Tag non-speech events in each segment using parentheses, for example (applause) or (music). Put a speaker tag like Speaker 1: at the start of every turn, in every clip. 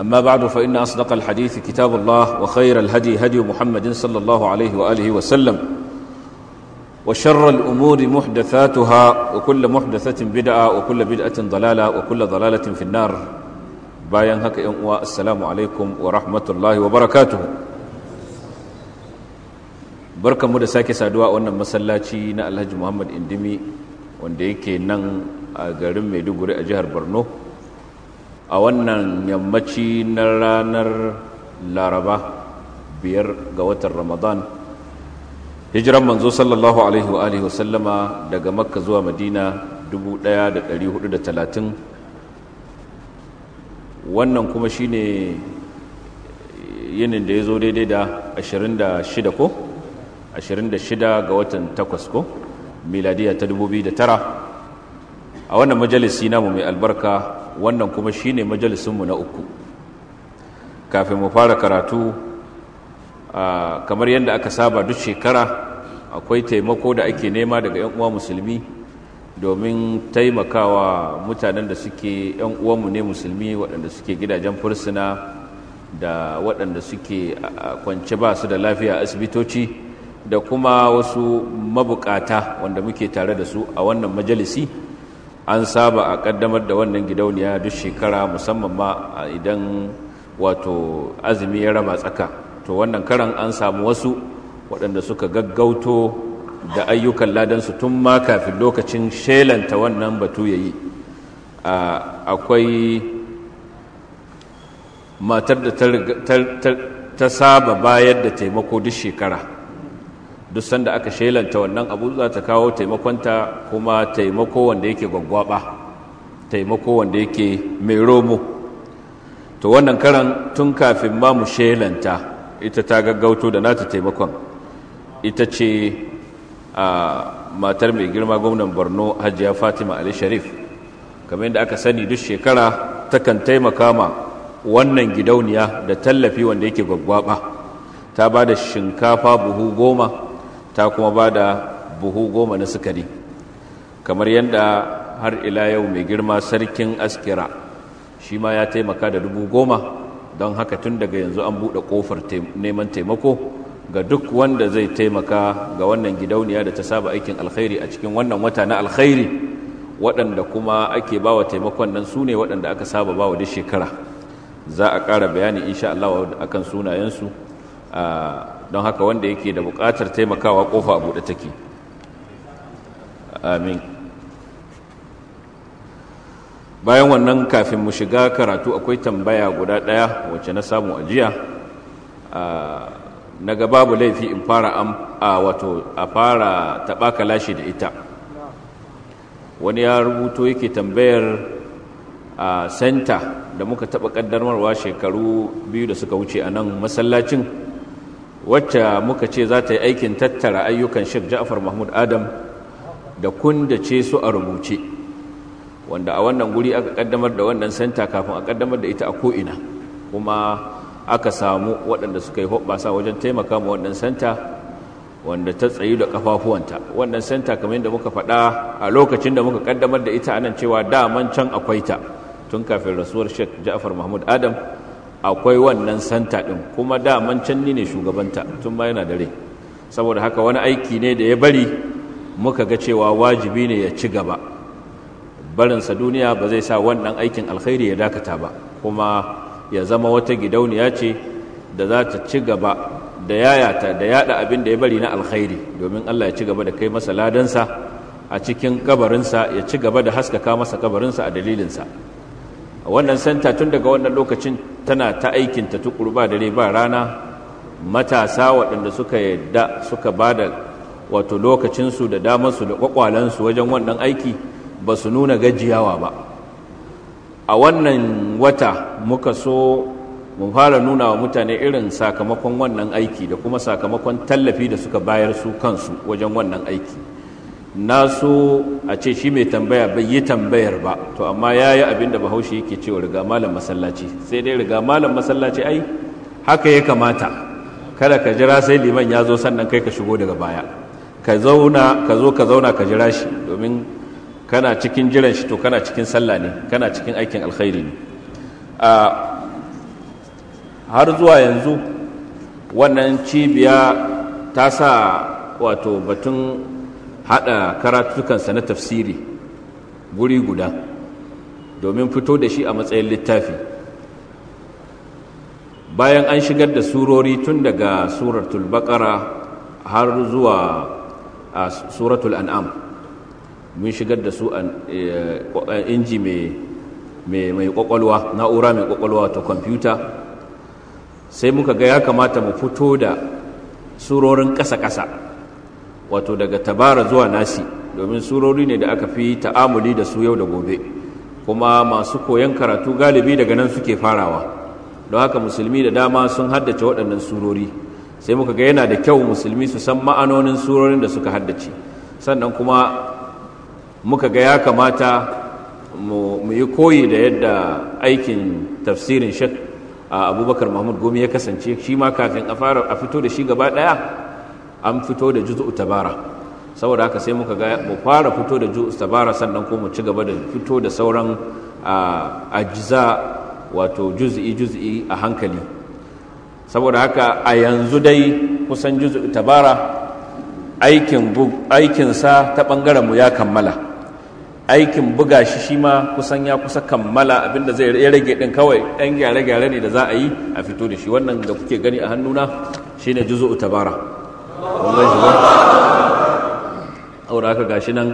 Speaker 1: أما بعد فإن أصدق الحديث كتاب الله وخير الهدي هدي محمد صلى الله عليه وآله وسلم وشر الأمور محدثاتها وكل محدثة بدعة وكل بدعة ضلالة وكل ضلالة في النار باين هكا السلام عليكم ورحمة الله وبركاته barka mu da sake saduwa a wannan masallaci na alhaji muhammad indimi wanda yake nan a garin maiduguri a jihar borno a wannan yammaci na ranar laraba biyar ga watan ramadan hijiran manzo sallallahu alaihi wa alihi wasallama daga makka zuwa madina 1430 wannan kuma shine yinin da ya zo daidai da 26 ko 26 ga watan 8 ko miladiya ta 2009 a wannan majalisi namu mai albarka wannan kuma shine majalisinmu na uku kafin mu fara karatu kamar yadda aka saba duk shekara akwai taimako da ake nema daga 'yan uwa musulmi domin taimakawa mutanen da suke 'yan uwanmu ne musulmi waɗanda suke gidajen fursuna da waɗanda suke kwance ba su da lafiya asibitoci da kuma wasu mabukata wanda muke tare da su a wannan majalisi an saba a kaddamar da wannan gidauniya duk shekara musamman ma idan wato azumi ya raba tsaka to wannan karan an samu wasu waɗanda suka gaggauto da ayyukan ladansu tun ma kafin lokacin shelanta wannan batu ya yi akwai matar da ta saba bayar da taimako duk shekara duk sanda aka shelanta wannan abu za ta kawo taimakonta kuma taimako wanda yake gwaggwaba taimako wanda yake mai romo to wannan karan tun kafin ma mu shelanta ita ta gaggauto da nata taimakon ita ce a matar mai girma gwamnan borno hajiya fatima ali sharif kamar yadda aka sani duk shekara takan taimaka ma wannan gidauniya da tallafi wanda yake gwaggwaba ta ba da shinkafa buhu goma ta kuma ba da buhu goma na sukari kamar yadda har ila yau mai girma sarkin askira shi ma ya taimaka da dubu goma don haka tun daga yanzu an buɗe ƙofar neman taimako ga duk wanda zai taimaka ga wannan gidauniya da ta saba aikin alkhairi a cikin wannan wata na alkhairi waɗanda kuma ake bawa taimakon nan su ne waɗanda aka saba bawa da shekara za a ƙara bayani insha Allah akan sunayensu a don haka wanda yake da bukatar taimakawa ƙofa a buɗe take amin bayan wannan kafin mu shiga karatu akwai tambaya guda ɗaya wacce na samu ajiya na ga babu laifi in fara a wato a fara taɓa lashe da ita wani ya rubuto yake tambayar a senta da muka taɓa ƙaddamarwa shekaru biyu da suka wuce a nan masallacin wacce muka ce za ta yi aikin tattara ayyukan shek ja'far mahmud adam da ce su a rubuce wanda a wannan guri aka kaddamar da wannan senta kafin a kaddamar da ita a ko'ina kuma aka samu waɗanda suka yi hoɓasa wajen taimaka ma wannan senta wanda ta tsayi da kafafuwanta wannan senta kamar yadda muka faɗa a lokacin da muka kaddamar da ita anan cewa daman can akwai ta tun kafin rasuwar shek ja'far mahmud adam akwai wannan santa ɗin kuma daman can ni ne shugabanta tun ba yana da saboda haka wani aiki ne da ya bari muka ga cewa wajibi ne ya ci gaba barinsa duniya ba zai sa wannan aikin alkhairi ya dakata ba kuma ya zama wata gidauniya ce da za ta ci gaba da yayata da yada abin da ya bari na alkhairi domin Allah ya ci gaba da kai masa ladansa a cikin kabarinsa ya ci gaba da haskaka masa kabarinsa a dalilinsa A wannan santa tun daga wannan lokacin tana ta aikinta tukuru ba dare ba rana matasa waɗanda suka yadda suka ba da wato lokacinsu da damarsu da kwakwalensu wajen wannan aiki ba su nuna gajiyawa ba a wannan wata muka so mu fara nuna wa mutane irin sakamakon wannan aiki da kuma sakamakon tallafi da suka bayar su kansu wajen wannan aiki na so a ce shi mai tambaya bai yi tambayar ba to amma ya yi abin da bahaushe yake cewa riga malam masallaci sai dai riga malam masallaci ai haka ya kamata kada ka jira sai liman ya zo sannan kai ka shigo daga baya ka zauna ka zo ka zauna ka jira shi domin kana cikin jiran shi to kana cikin sallah ne kana cikin aikin alkhairi ne har zuwa yanzu wannan cibiya ta sa wato batun haɗa karatukansa na tafsiri guri guda domin fito da shi a matsayin littafi bayan an shigar da surori tun daga suratul baqara har zuwa a suratul an'am mun shigar da su e, inji mai kwakwalwa na'ura mai kwakwalwa ta kwamfuta sai muka ga ya kamata mu fito da surorin ƙasa-ƙasa wato daga tabara zuwa nasi domin surori ne da aka fi ta'amuli da su yau da gobe kuma masu koyon karatu galibi daga nan suke farawa don haka musulmi da dama sun haddace waɗannan surori sai muka ga yana da kyau musulmi su san ma'anonin surorin da suka haddace sannan kuma muka ga ya kamata mu yi koyi da yadda aikin tafsirin shek abubakar mahmud gomi ya kasance shi ma kafin a fito da shi gaba ɗaya an fito da juz'u tabara saboda haka sai muka ga mu fara fito da juz'u tabara sannan ko mu ci gaba da fito da sauran ajza wato juz'i juz'i a hankali saboda haka a yanzu dai kusan juz'u tabara aikin aikinsa ta ɓangaren mu ya kammala aikin buga shi shi ma kusan ya kusa kammala abinda zai rage ɗin kawai ɗan gyare-gyare ne da za a yi a fito da shi wannan da kuke gani a hannuna shine juzu'u tabara aure aka gashi nan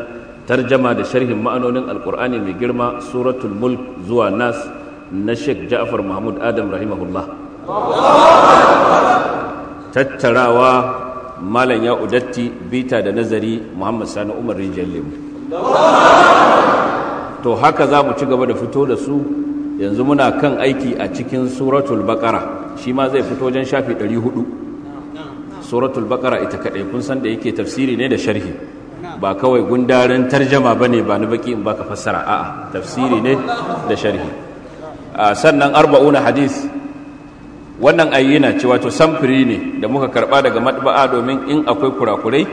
Speaker 1: tarjama da sharhin ma'anonin alkur'ani mai girma suratul mulk zuwa nas na sheikh ja'far mahmud adam rahimahullah tattarawa malam ya udatti bita da nazari muhammad sani umar rijiyar lemu to haka za mu ci gaba da fito da su yanzu muna kan aiki a cikin suratul baqara shi ma zai fito wajen shafi 400 suratul bakara ita kadai kun san da yake tafsiri ne da sharhi ba kawai gundaren tarjama ne ba ni baki in baka fassara a'a tafsiri ne da sharhi sannan arba'una hadis wannan ayyana ce wato samfuri ne da muka karba daga matba'a domin in akwai kurakurai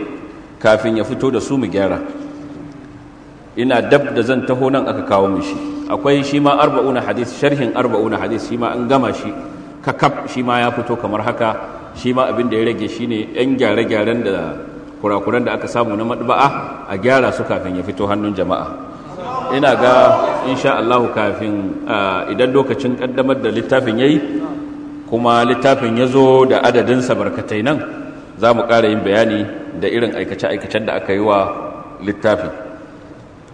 Speaker 1: kafin ya fito da su mu gyara ina dab da zan taho nan aka kawo mu shi akwai shi ma arba'una hadis sharhin arba'una hadis shi ma an gama shi kakab shi ma ya fito kamar haka shi ma abin da ya rage shine yan gyare-gyaren da kurakuran da aka samu na maɗuba'a a gyara su kafin ya fito hannun jama'a ina ga insha Allah kafin idan lokacin kaddamar da littafin ya yi kuma littafin ya zo da adadin barkatai nan za mu ƙara yin bayani da irin aikace-aikacen da aka yi wa littafin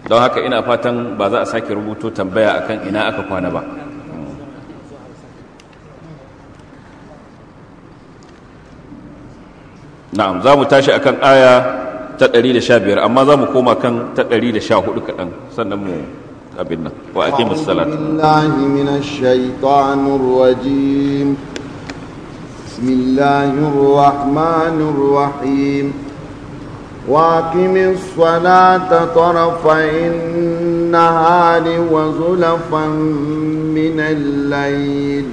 Speaker 1: don haka ina fatan ba za a sake rubuto tambaya akan ina aka kwana ba na'am za mu tashi akan aya ta 115 amma za mu koma kan ta 114 kaɗan sannan mu abin nan wa ake musalata
Speaker 2: billahi واقم الصلاة النهار وزلفا من الليل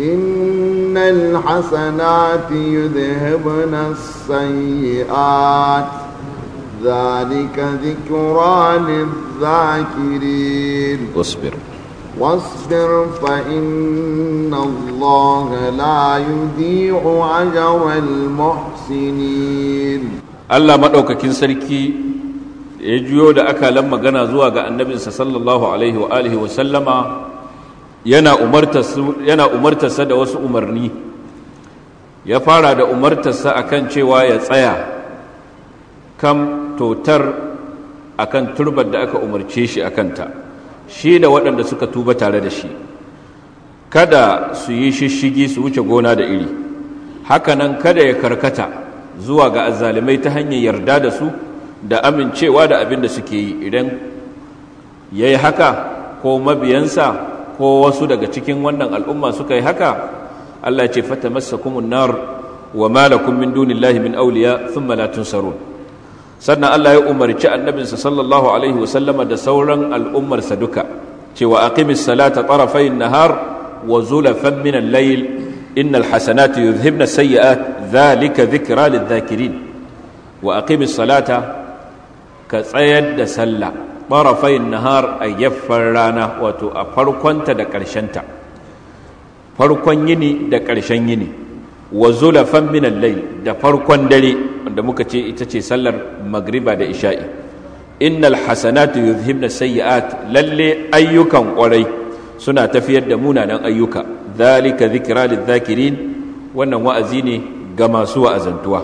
Speaker 2: إن الحسنات يذهبن السيئات ذلك ذكرى للذاكرين واصبر واصبر فإن الله لا يضيع أجر المحسنين
Speaker 1: الله مدوكاكين سركي ya juyo da akalan magana zuwa ga annabinsa sallallahu alaihi wa alihi wa sallama yana umartarsa da wasu umarni ya fara da umartarsa akan cewa ya tsaya kan totar akan turbar da aka umarce shi akanta shi da waɗanda suka tuba tare da shi kada su yi shishigi su wuce gona da iri hakanan kada ya karkata zuwa ga azalimai ta hanyar yarda da su da amincewa da abin da suke yi idan ya yi haka ko mabiyansa ko wasu daga cikin wannan al'umma suka yi haka Allah ce fata masa nar wa malakum min dunillahi min awliya thumma la tunsarun sannan Allah ya umarci annabinsa sallallahu alaihi wa sallama da sauran al'ummarsa duka cewa aqimis salata tarafayn nahar wa zulafan min al-layl innal hasanati yudhhibna as-sayyi'at dhalika dhikra lidh-dhakirin wa aqimis salata ka tsayar da sallah ɓarafayin nahar a yaffar rana wato a farkonta da ƙarshenta farkon yini da ƙarshen yini wa zulafan minan lai da farkon dare wanda muka ce ita ce sallar magriba da isha'i innal hasanatu yuzhibna sayyi'at lalle ayyukan ƙwarai suna tafiyar da munanan ayyuka zalika zikra lidh wannan wa'azi ne ga masu wa'azantuwa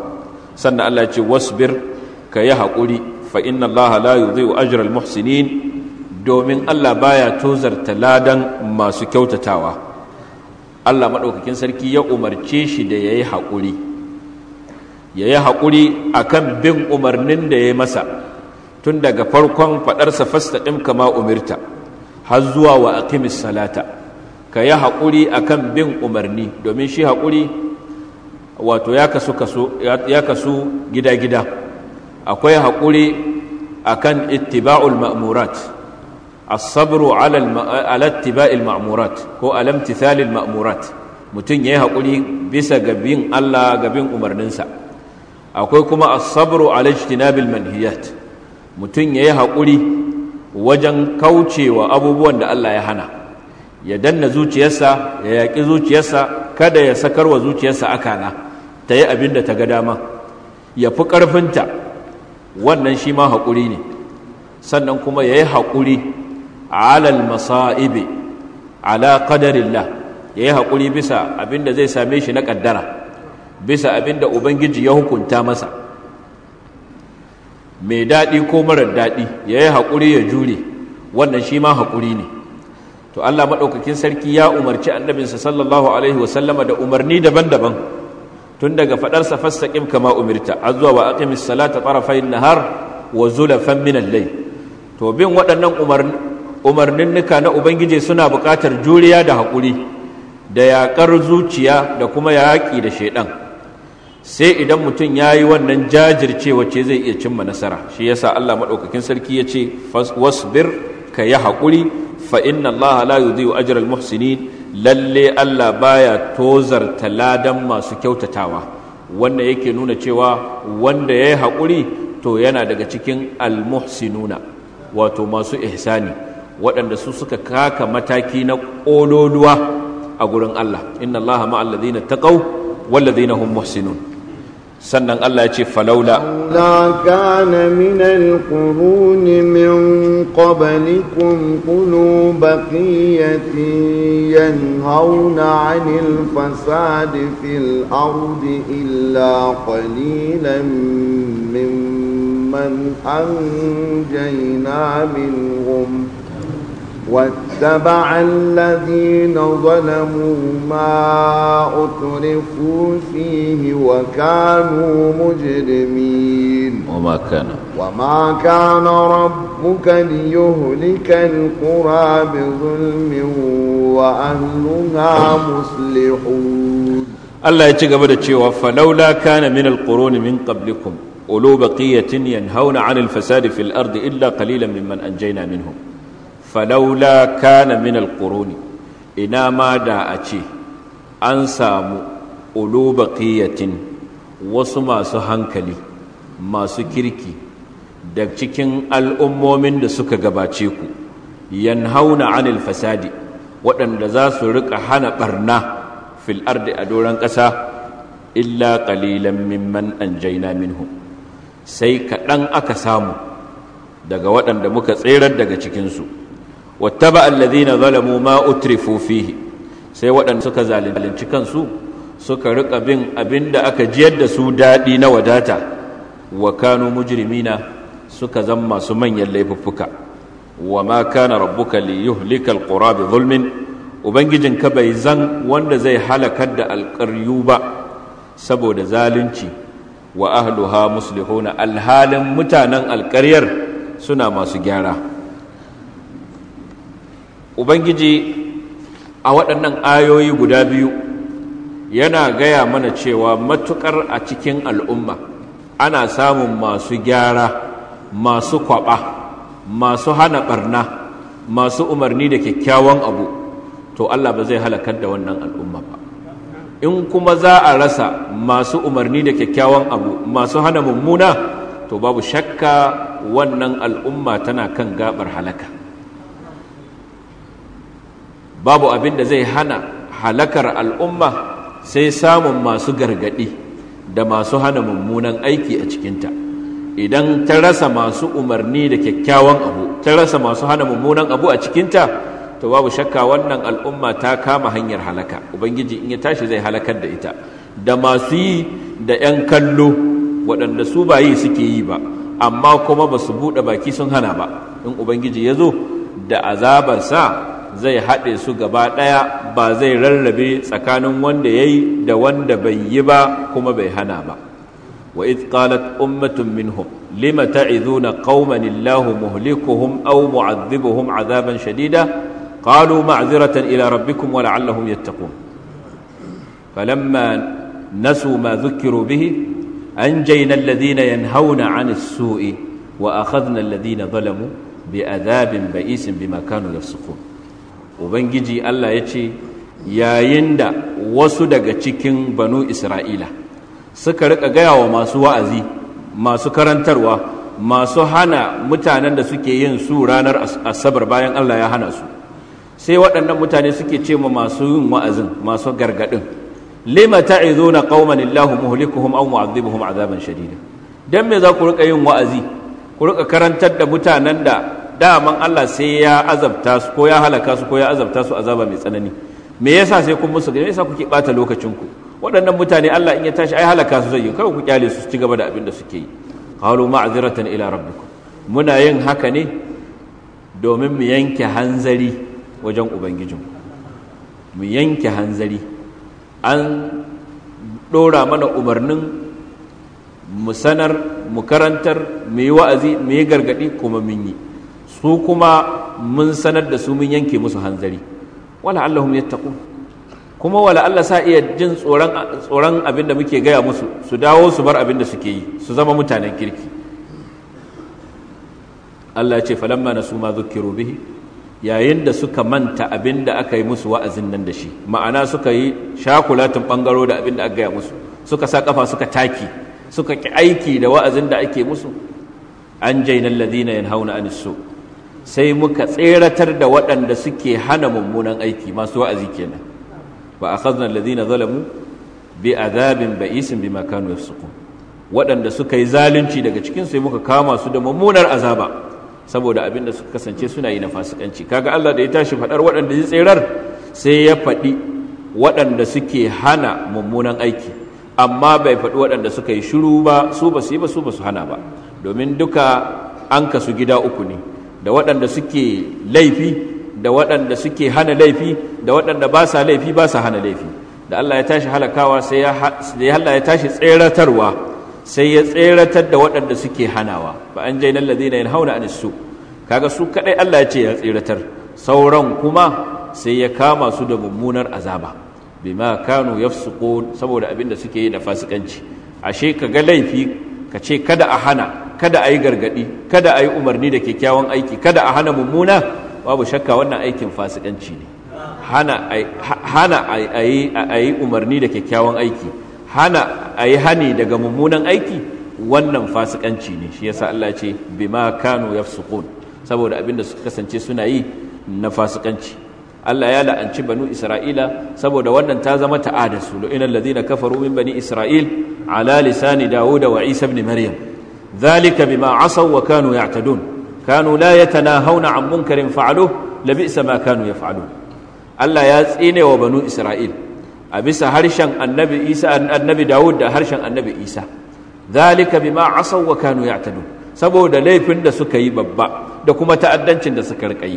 Speaker 1: sannan Allah ya ce wasbir ka yi haƙuri fa inna Allah la yudhi'u ajra al-muhsinin domin Allah baya tozarta ladan masu kyautatawa Allah madaukakin sarki ya umarce shi da yayi haƙuri yayi haƙuri akan bin umarnin da ya masa tun daga farkon faɗarsa fastaqim kama umirta har zuwa wa aqimis salata ka yi haƙuri akan bin umarni domin shi haƙuri wato ya kasu gida-gida akwai haƙuri akan ittiba'ul ma'murat as-sabru 'ala ittibail ma'murat ko ala imtithalil ma'murat mutum yayi haƙuri bisa ga bin Allah ga bin umarninsa akwai kuma as-sabru 'ala ijtinabil manhiyat mutum yayi haƙuri wajen kaucewa abubuwan da Allah ya hana ya danna zuciyarsa ya yaƙi zuciyarsa kada ya sakarwa zuciyarsa akana ta yi abin da ta ga dama ya fi ƙarfinta wannan shi ma haƙuri ne sannan kuma ya yi haƙuri alal masa'ibi ala ƙadarillah ya yi haƙuri bisa abinda zai same shi na ƙaddara bisa abinda ubangiji ya hukunta masa mai daɗi ko marar daɗi ya yi haƙuri ya jure wannan shi ma haƙuri ne to allah maɗaukakin sarki ya umarci annabinsa sallallahu alaihi wasallama da umarni daban-daban tun daga faɗarsa fastaqim kama umirta azwa wa aqimis salata tarafay nahar wa zulafan min al to bin waɗannan umarnin nuka na ubangiji suna buƙatar juriya da haƙuri da yaƙar zuciya da kuma yaƙi da shaiɗan sai idan mutum ya yi wannan jajircewa ce zai iya cimma nasara shi yasa Allah maɗaukakin sarki ya ce wasbir ka yi haƙuri fa inna Allah la yudhi'u ajral muhsinin lalle Allah baya tozarta ladan masu kyautatawa wanda yake nuna cewa wanda ya yi haƙuri to yana daga cikin almuhsinuna wato masu ihsani waɗanda su suka kaka mataki na ƙololuwa a gurin Allah inna Allah ma'allazina taqaw wallazina hum muhsinun sannan Allah ya ce falaula
Speaker 2: la kana min alqurun min qablikum qulu baqiyati yanhauna 'anil fasadi fil ardi illa qalilan mimman anjayna minhum واتبع الذين ظلموا ما أترفوا فيه وكانوا مجرمين وما كان وما كان ربك ليهلك القرى بظلم وأهلها مصلحون
Speaker 1: الله يتقب دتشي فلولا كان من القرون من قبلكم أولو بقية ينهون عن الفساد في الأرض إلا قليلا ممن أنجينا منهم falaula kana min alquruni ina ma da a ce an samu ulubaqiyatin wasu masu hankali masu kirki da cikin al'ummomin da suka gabace ku yanhauna anil fasadi waɗanda za su riƙa hana ɓarna fil ardi a doron ƙasa illa ƙalilan mimman an minhu sai kaɗan aka samu daga waɗanda muka tserar daga cikinsu wattaba alladhina zalamu ma utrifu fihi sai waɗanda suka zalunci kansu suka riƙa bin abin da aka jiyar da su daɗi na wadata wa kano mujrimina suka zama masu manyan laifuffuka wa ma kana rabbuka li yuhlika alqura bi zulmin ka bai zan wanda zai halakar da alƙaryu ba saboda zalunci wa ahluha muslihuna alhalin mutanen alƙaryar suna masu gyara ubangiji a waɗannan ayoyi guda biyu yana gaya mana cewa matuƙar a cikin al'umma ana samun masu gyara masu kwaba, masu hana ɓarna masu umarni da kyakkyawan abu to allah ba zai halakar da wannan al'umma ba in kuma za a rasa masu umarni da kyakkyawan abu masu hana mummuna to babu shakka wannan al'umma tana kan gabar halaka babu abin da zai hana halakar al'umma sai samun masu gargaɗi da masu hana mummunan aiki a cikinta idan ta rasa masu umarni da kyakkyawan abu ta rasa masu hana mummunan abu a cikinta to babu shakka wannan al'umma ta kama hanyar halaka ubangiji in ya tashi zai halakar da ita da masu yi da 'yan kallo waɗanda su ba yi suke yi ba amma kuma ba su buɗe baki sun hana ba in ubangiji ya zo da azabarsa zai haɗe su gaba ɗaya ba zai rarrabe tsakanin wanda ya yi da wanda bai yi ba kuma bai hana ba wa itkalat ummatun minhum lima kaumanillahu qauman illahu muhlikuhum aw mu'adhibuhum azaban shadida qalu ma'ziratan ila rabbikum wa la'allahum yattaqun falamma nasu ma dhukiru bihi anjayna alladhina na 'anis su'i wa akhadna alladhina dhalamu bi'adhabin ba'isin bima kanu yasqun ubangiji Allah ya ce yayin da wasu daga cikin banu isra'ila suka rika gaya wa masu wa'azi masu karantarwa masu hana mutanen da suke yin su ranar asabar bayan Allah ya hana su sai waɗannan mutane suke ce ma masu yin wa'azin masu gargaɗin lima ta'izuna qauman illahu muhlikuhum aw mu'adhibuhum azaban shadida dan me za ku rika yin wa'azi ku rika karantar da mutanen da daman Allah sai ya azabta su ko ya halaka su ko ya azabta su azaba mai tsanani me yasa sai kun musu me yasa kuke bata lokacinku waɗannan mutane Allah in ya tashi ai halaka su zai yi kawai ku kyale su ci gaba da abin da suke yi qalu ma'ziratan ila rabbikum muna yin haka ne domin mu yanke hanzari wajen ubangijin mu yanke hanzari an ɗora mana umarnin mu sanar mu karantar mu yi wa'azi mu yi gargaɗi kuma mun yi su kuma mun sanar da su mun yanke musu hanzari wala allahum yattaqu kuma wala Allah sa iya jin tsoron tsoron abin da muke gaya musu su dawo su bar abin da suke yi su zama mutanen kirki Allah ce falamma nasu ma zukkiru bihi yayin da suka manta abin da aka yi musu wa'azin nan da shi ma'ana suka yi shakulatin bangaro da abin da aka gaya musu suka sa kafa suka taki suka ki aiki da wa'azin da ake musu an jaina ladina yanhauna anis sai muka tseratar da waɗanda suke hana mummunan aiki masu wa'azi kenan ba a khazna alladhina zalamu bi azabin ba'isin bima kanu suku waɗanda suka yi zalunci daga cikin sai muka kama su da mummunar azaba saboda abin da suka kasance suna yi na fasikanci kaga Allah da ya tashi faɗar waɗanda ya tserar sai ya faɗi waɗanda suke hana mummunan aiki amma bai faɗi waɗanda suka yi shiru ba su ba su yi ba su ba su hana ba domin duka an kasu gida uku ne da waɗanda suke laifi da waɗanda suke hana laifi da waɗanda ba sa laifi ba sa hana laifi da Allah ya tashi halakawa sai ya Allah ya tashi tseratarwa sai ya tseratar da waɗanda suke hanawa ba an jainal hau yanhauna anis su kaga su kadai Allah ya ce ya tseratar sauran kuma sai ya kama su da mummunar azaba bima kanu yafsuqun saboda abin da suke yi da fasikanci ashe kaga laifi ka ce kada a hana kada a yi gargadi kada a yi umarni da kyakkyawan aiki kada a hana mummuna babu shakka wannan aikin fasikanci ne hana a yi umarni da kyakkyawan aiki hana a yi hani daga mummunan aiki wannan fasikanci ne shi yasa Allah ce bima kanu yafsukun saboda abinda suka kasance suna yi na fasikanci Allah ya la'anci banu Isra'ila saboda wannan ta zama ta'ada su lo'inal lazina kafaru min bani Isra'il ala lisani Dawud wa Isa ibn Maryam zalika bima asaw wa kanu ya'tadun kanu la yatanahawna an munkarin fa'aluhu labisa ma kanu yaf'alun Allah ya tsine wa banu Isra'il a bisa harshen annabi Isa annabi Dawud da harshen annabi Isa zalika bima asaw wa kanu ya'tadun saboda laifin da suka yi babba da kuma ta'addancin da suka rika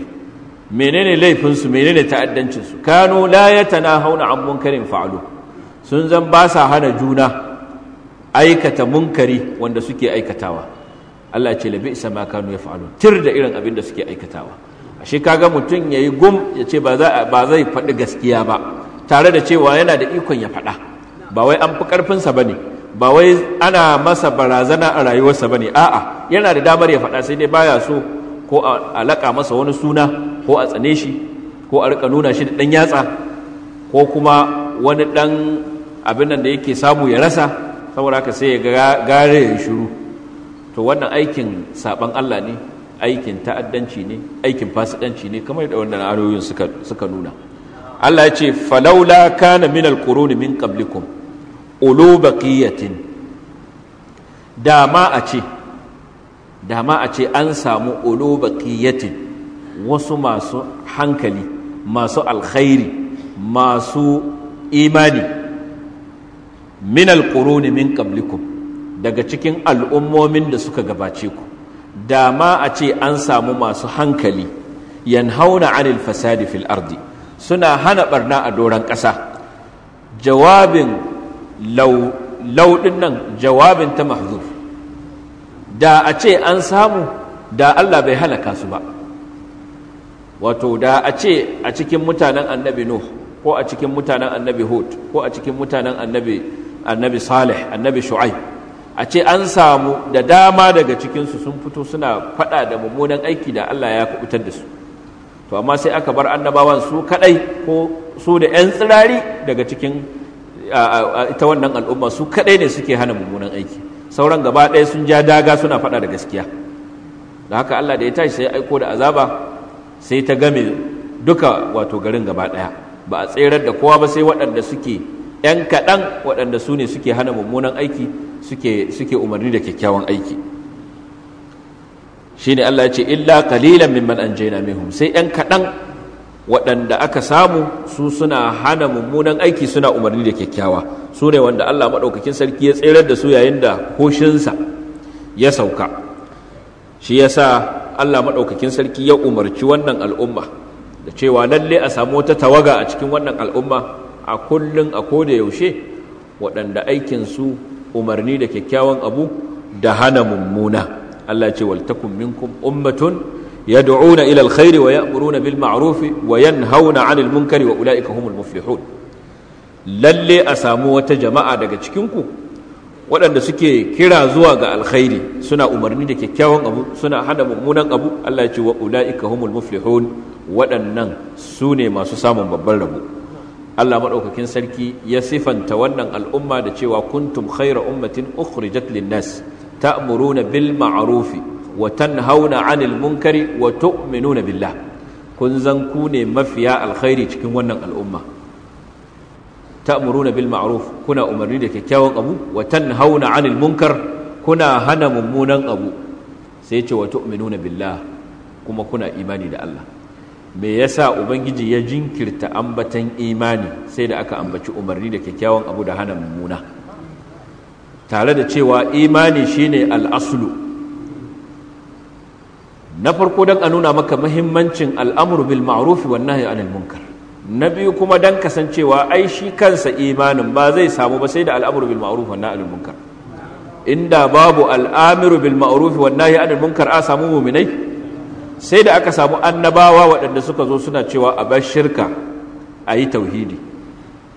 Speaker 1: menene laifin su menene ta'addancin su kanu la fa'alu sun zan ba sa hana juna aikata munkari wanda suke aikatawa Allah ce labi isa ma kanu ya fa'alu tir da irin abin da suke aikatawa ashe kaga mutum yayi gum ya ce ba zai faɗi gaskiya ba tare da cewa yana da ikon ya faɗa ba wai an fi ƙarfinsa ba ne ba wai ana masa barazana a rayuwarsa ba ne a'a yana da damar ya faɗa sai dai baya so ko a laƙa masa wani suna ko a tsane shi ko a riƙa nuna shi da ɗan yatsa ko kuma wani ɗan abin nan da yake samu ya rasa saboda haka sai ya gare ya shuru to wannan aikin saban Allah ne aikin ta'addanci ne aikin fasidanci ne kamar da wannan ayoyin suka suka nuna Allah ya ce falaula kana min alquruni min qablikum ulu baqiyatin dama a ce dama a ce an samu ulu baqiyatin wasu masu hankali masu alkhairi masu imani min alƙuruni min qablikum daga cikin al'ummomin da suka gabace ku da ma a ce an samu masu hankali yan hauna anil fasadi fil ardi suna hana barna a doron ƙasa jawabin lauɗin nan jawabin ta mahzuf da a ce an samu da Allah bai halaka su ba wato da a ce a cikin mutanen annabi nuh ko a cikin mutanen annabi hud ko a cikin mutanen annabi annabi salih annabi shu'aib a ce an samu da dama daga cikinsu sun fito suna faɗa da mummunan aiki da Allah ya kubutar da su to amma sai aka bar annabawan su kadai ko su da 'yan tsirari daga cikin ita wannan al'umma su kadai ne suke hana mummunan aiki sauran gaba ɗaya sun ja daga suna faɗa da gaskiya da haka Allah da ya tashi sai aiko da azaba sai ta game duka wato garin gaba ɗaya ba a tserar da kowa ba sai waɗanda suke 'yan kaɗan waɗanda su ne suke hana mummunan aiki suke umarni da kyakkyawan aiki shi ne Allah ya ce illa kalilan mimman an na minhum sai 'yan kaɗan waɗanda aka samu su suna hana mummunan aiki suna umarni da kyakkyawa su ne wanda Allah maɗaukakin sarki ya tserar da su yayin da hoshinsa ya sauka shi ya sa Allah maɗaukakin sarki ya umarci wannan al'umma da cewa lalle a samu wata tawaga a cikin wannan al'umma a kullum a koda yaushe waɗanda aikinsu umarni da kyakkyawan abu da hana mummuna Allah ce waltakun minkum ummatun yad'una ila alkhairi wa ya'muruna bil ma'ruf wa yanhauna 'anil munkari wa ulaika humul muflihun lalle a samu wata jama'a daga cikinku waɗanda suke kira zuwa ga alkhairi suna umarni da kyakkyawan abu suna hana mummunan abu Allah ya ce wa ulaika humul muflihun waɗannan su ne masu samun babban rabo Allah maɗaukakin sarki ya sifanta wannan al'umma da cewa kuntum khaira ummatin ukhrijat linnas ta'muruna bil ma'rufi wa tanhauna 'anil munkari wa tu'minuna billah kun zan ku ne mafiya alkhairi cikin wannan al'umma ta'muruna bil ma'ruf kuna umarni da kyakkyawan abu wa tanhauna 'anil munkar kuna hana mummunan abu sai ce wa tu'minuna billah kuma kuna imani da Allah me yasa ubangiji ya jinkirta ambatan imani sai da aka ambaci umarni da kyakkyawan abu da hana mummuna tare da cewa imani shine al'aslu na farko don a nuna maka mahimmancin al'amuru bil ma'rufi wa nahyi anil munkar na biyu kuma don kasancewa ai shi kansa imanin ba zai samu ba sai da al'amuru bil ma'ruf wa nahyi anil munkar inda babu al'amiru bil ma'ruf wa nahyi anil munkar a samu muminai sai da aka samu annabawa waɗanda suka zo suna cewa a bar shirka a yi tauhidi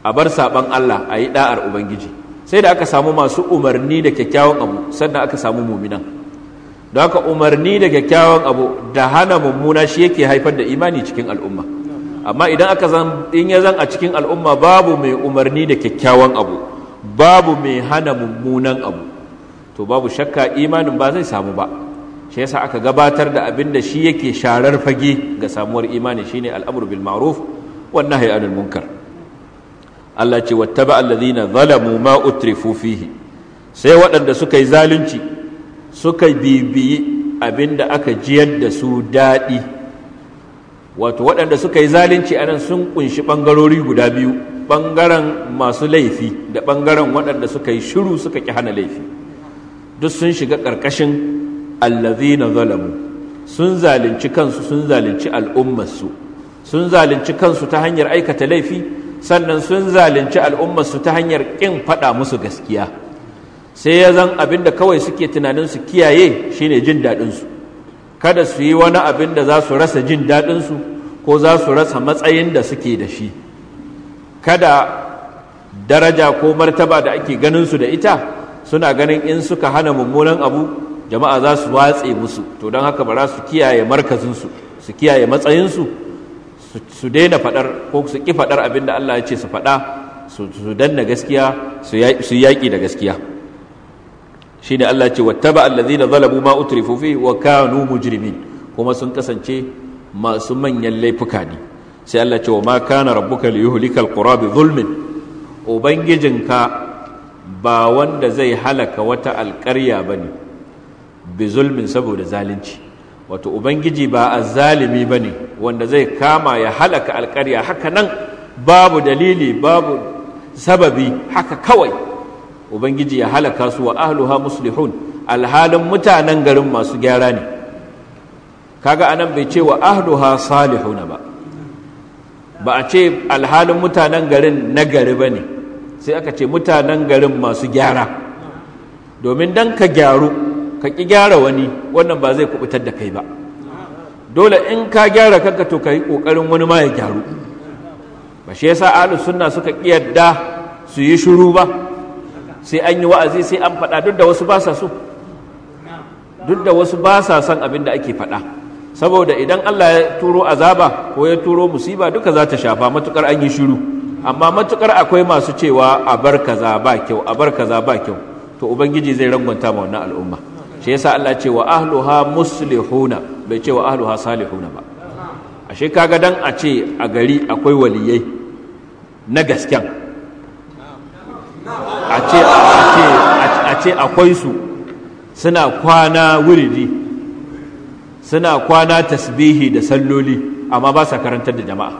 Speaker 1: a bar saɓan Allah a yi ɗa'ar Ubangiji sai da aka samu masu umarni da kyakkyawan abu sannan aka samu muminan don haka umarni da kyakkyawan abu da hana mummuna shi yake haifar da imani cikin al'umma amma idan aka zan in ya zan a cikin al'umma babu mai umarni da kyakkyawan abu babu mai hana mummunan abu to babu shakka imanin ba zai samu ba shi yasa aka gabatar da abin da shi yake sharar fage ga samuwar imani shine al'amru bil ma'ruf wan nahyi anil munkar Allah ce wattaba alladhina zalamu ma utrifu fihi sai waɗanda suka yi zalunci suka bibiyi abin da aka jiyar da su daɗi wato waɗanda suka yi zalunci anan sun kunshi ɓangarori guda biyu ɓangaren masu laifi da ɓangaren waɗanda suka yi shiru suka ƙi hana laifi duk sun shiga ƙarƙashin allazina zalamu sun zalunci kansu sun zalunci al'ummarsu sun zalunci kansu ta hanyar aikata laifi sannan sun zalunci al'ummarsu ta hanyar ƙin faɗa musu gaskiya sai ya zan abin da kawai suke tunanin su kiyaye shine jin daɗinsu kada su yi wani abin da za su rasa jin daɗinsu ko za su rasa matsayin da suke da shi kada daraja ko martaba da ake ganin su da ita suna ganin in suka hana mummunan abu jama'a za su watse musu to don haka ba za su kiyaye markazinsu su kiyaye matsayinsu su daina faɗar ko su ƙi faɗar abin da Allah ya ce su faɗa su danna gaskiya su yaƙi da gaskiya shi ne Allah ce wattaba na zalabu ma utrifu fi wa kanu mujrimin kuma sun kasance masu manyan laifuka ne sai Allah ce wa ma kana rabbuka liyuhlika alqura bi zulmin ubangijinka ba wanda zai halaka wata alƙarya bane bi zulmin saboda zalunci wato ubangiji ba a zalimi ba ne wanda zai kama ya halaka alkarya haka nan babu dalili babu sababi haka kawai ubangiji ya halaka su wa ahluha muslihun alhalin mutanen garin masu gyara ne kaga anan bai ce wa ahluha salihuna ba ba a ce alhalin mutanen garin na gari ba ne sai aka ce mutanen garin masu gyara domin dan ka gyaru ka ƙi gyara wani wannan ba zai kubutar da kai ba dole in ka gyara kanka to ka yi ƙoƙarin wani ma ya gyaru ba shi yasa ahlus sunna suka ƙi yadda su yi shiru ba sai an yi wa'azi sai an faɗa duk da wasu ba sa so duk da wasu ba sa son abin da ake faɗa saboda idan Allah ya turo azaba ko ya turo musiba duka za ta shafa matukar an yi shiru amma matukar akwai masu cewa a bar kaza ba kyau a bar kaza ba kyau to ubangiji zai rangwanta ma wannan al'umma shi yasa Allah ce wa ahluha muslihuna bai ce wa ahluha salihuna ba ashe kaga dan a ce a gari akwai waliyai na gasken a ce a ce akwai su suna kwana wuridi suna kwana tasbihi da salloli amma ba sa karantar da jama'a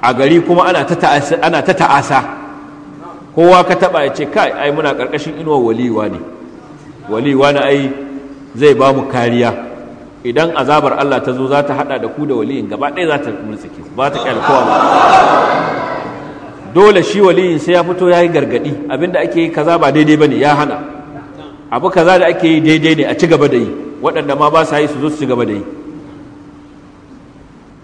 Speaker 1: a gari kuma ana ta ta'asa kowa ka taba ya ce kai ai muna karkashin inuwa waliwa ne wali wani ai zai ba mu kariya idan azabar Allah ta zo za ta hada da ku da waliyin gaba ɗaya za ta murtsike ba ta kyale kowa ba dole shi waliyin sai ya fito ya yi gargadi abinda ake yi kaza ba daidai bane ya hana abu kaza da ake yi daidai ne a ci gaba da yi waɗanda ma ba sa yi su zo su ci gaba da yi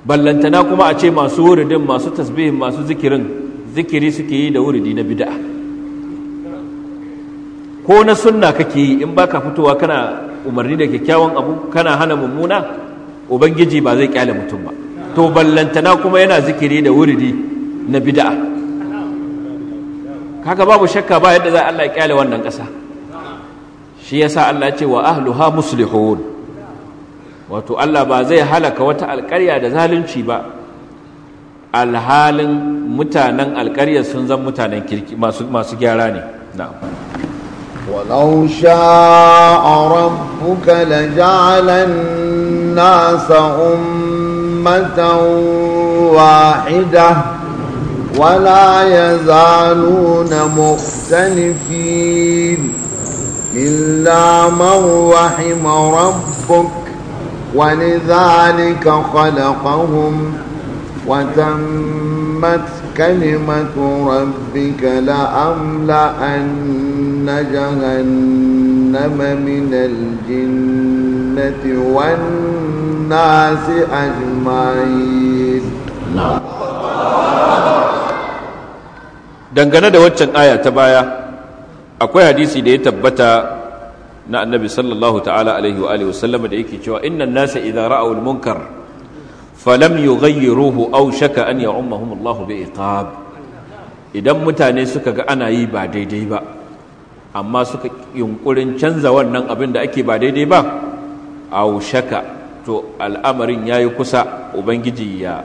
Speaker 1: ballantana kuma a ce masu wuridin masu tasbihin masu zikirin zikiri suke yi da wuridi na bid'a ko na sunna kake yi in baka fitowa kana umarni da kyakkyawan abu kana hana mummuna ubangiji ba zai kyale mutum ba to ballantana kuma yana zikiri da wuridi na bid'a kaga babu shakka ba yadda za Allah ya kyale wannan ƙasa shi yasa Allah ya ce wa ahluha muslihun wato Allah ba zai halaka wata alƙarya da zalunci ba alhalin mutanen alƙaryar sun zan mutanen kirki masu gyara ne na'am
Speaker 2: ولو شاء ربك لجعل الناس أمة واحدة ولا يزالون مختلفين إلا من رحم ربك ولذلك خلقهم وتمت كلمة ربك لأملأن جهنم من الجنة والناس أجمعين
Speaker 1: dangane da waccan aya ta baya akwai hadisi da ya tabbata na annabi sallallahu ta'ala alaihi wa alihi wasallam da yake cewa innan nasa idza ra'aw al-munkar falam yughayyiruhu aw shaka an ya'ummahum Allahu bi iqab idan mutane suka ga ana yi ba daidai ba amma suka yunkurin canza wannan abin da ake ba daidai ba shaka to al'amarin ya yi kusa ubangiji ya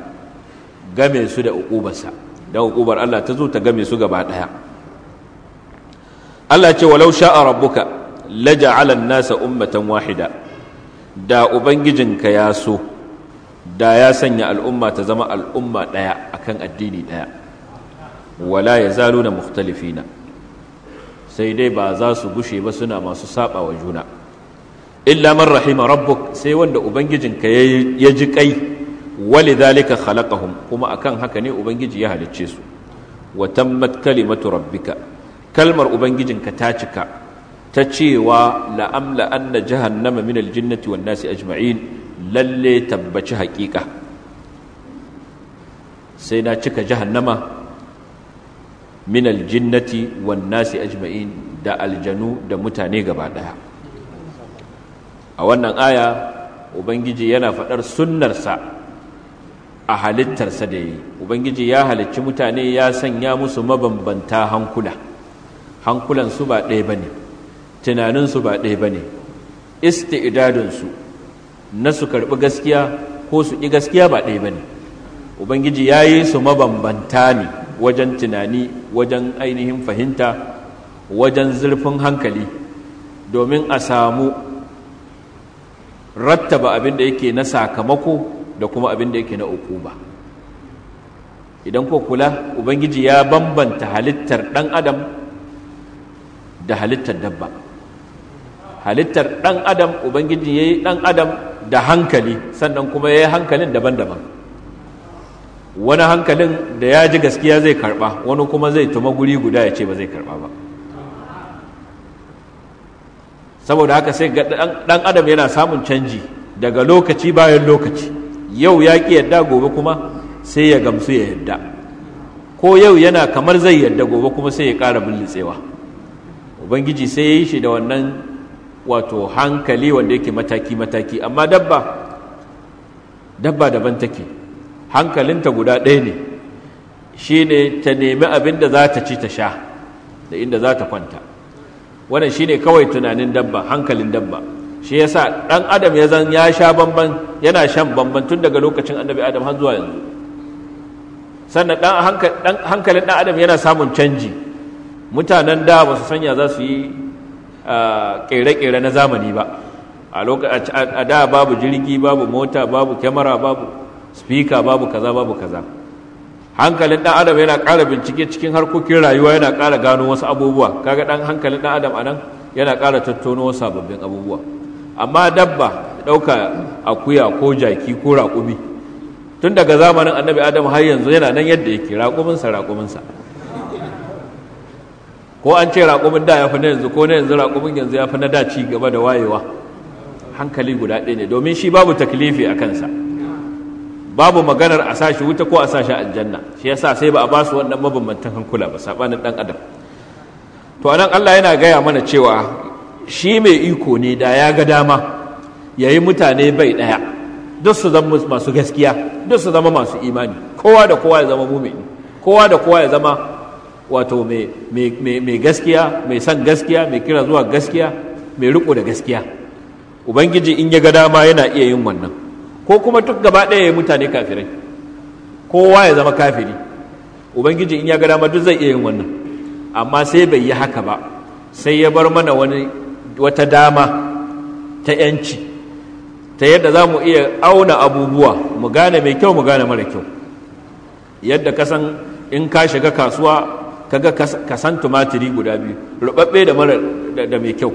Speaker 1: game su da uƙubarsa don uƙubar Allah ta zo ta game su gaba ɗaya Allah ce walau sha'a rabbuka laja'ala nasa ummatan wahida da ubangijinka ya so da ya sanya al'umma ta zama al'umma ɗaya akan addini ɗaya wala ya yazaluna mukhtalifina sai dai ba za su gushe ba suna masu saba wa juna illa man rahima rabbuk sai wanda ubangijinka ya ji kai khalaka khalaqahum kuma akan haka ne ubangiji ya halicce su wa tammat kalimatu rabbika kalmar ubangijinka ta cika ta cewa la'amla anna jahannama min aljinnati wan nasi ajma'in lalle tabbaci haƙiƙa sai na cika jahannama min aljinnati wan nasi ajma'in da aljanu da mutane gaba daya a wannan aya ubangiji yana faɗar sunnarsa a halittarsa da yi ubangiji ya halicci mutane ya sanya musu mabambanta hankula hankulansu ba ɗaya ba ne tunaninsu ba ɗaya ba ne isti'idadinsu na su karɓi gaskiya ko su ƙi gaskiya ba ɗaya ba ne ubangiji ya yi su mabambanta ne wajen tunani wajen ainihin fahimta wajen zurfin hankali domin a samu rattaba abin da yake na sakamako da kuma abin da yake na ukuba idan ko kula ubangiji ya bambanta halittar dan adam da halittar dabba halittar dan adam ubangiji ya yi ɗan adam da hankali sannan kuma ya yi hankalin daban-daban wani hankalin da ya ji gaskiya zai karba wani kuma zai tuma guri guda ya ce ba zai karba ba saboda haka sai dan adam yana samun canji daga lokaci bayan lokaci yau ya ki yadda gobe kuma sai ya gamsu ya yadda ko yau yana kamar zai yadda gobe kuma sai ya ƙara bullitsewa ubangiji sai ya yi shi da wannan wato hankali wanda yake mataki-mataki amma dabba dabba daban take hankalinta guda ɗaya ne shi ne ta nemi abin da za ta ci ta sha da inda za ta kwanta wannan shi ne kawai tunanin dabba hankalin dabba shi ya sa ɗan adam ya zan ya sha bamban yana shan bamban tun daga lokacin annabi adam har zuwa yanzu sannan hankalin ɗan adam yana samun canji mutanen da ba su sanya za su yi ƙere-ƙere na zamani ba a da babu jirgi babu mota babu kyamara babu spika babu kaza babu kaza hankalin dan adam yana ƙara bincike cikin harkokin rayuwa yana ƙara gano wasu abubuwa kaga dan hankalin dan adam anan yana ƙara tattauno wasu sababbin abubuwa amma dabba ɗauka akuya ko jaki ko raƙumi tun daga zamanin annabi adam har yanzu yana nan yadda yake raƙuminsa raƙuminsa ko an ce raƙumin da ya fi na yanzu ko na yanzu raƙumin yanzu ya fi na da ci gaba da wayewa hankali guda ɗaya ne domin shi babu taklifi a kansa babu maganar a sashi wuta ko a sashi aljanna shi yasa sai ba a ba su wannan mabambantan hankula ba sabanin dan adam to anan Allah yana gaya mana cewa shi mai iko ne da ya ga dama yayi mutane bai daya duk su zama masu gaskiya duk su zama masu imani kowa da kowa ya zama mumini kowa da kowa ya zama wato mai gaskiya mai son gaskiya mai kira zuwa gaskiya mai riko da gaskiya ubangiji in ya ga dama yana iya yin wannan ko kuma duk gaba ɗaya ya mutane kafirai kowa ya zama kafiri ubangiji in ya ga dama duk zai iya yin wannan amma sai bai yi haka ba sai ya bar mana wani wata dama ta yanci ta yadda za mu iya auna abubuwa mu gane mai kyau mu gane mara kyau yadda kasan in ka shiga kasuwa kaga kasan tumatiri guda biyu rubabbe da mara da mai kyau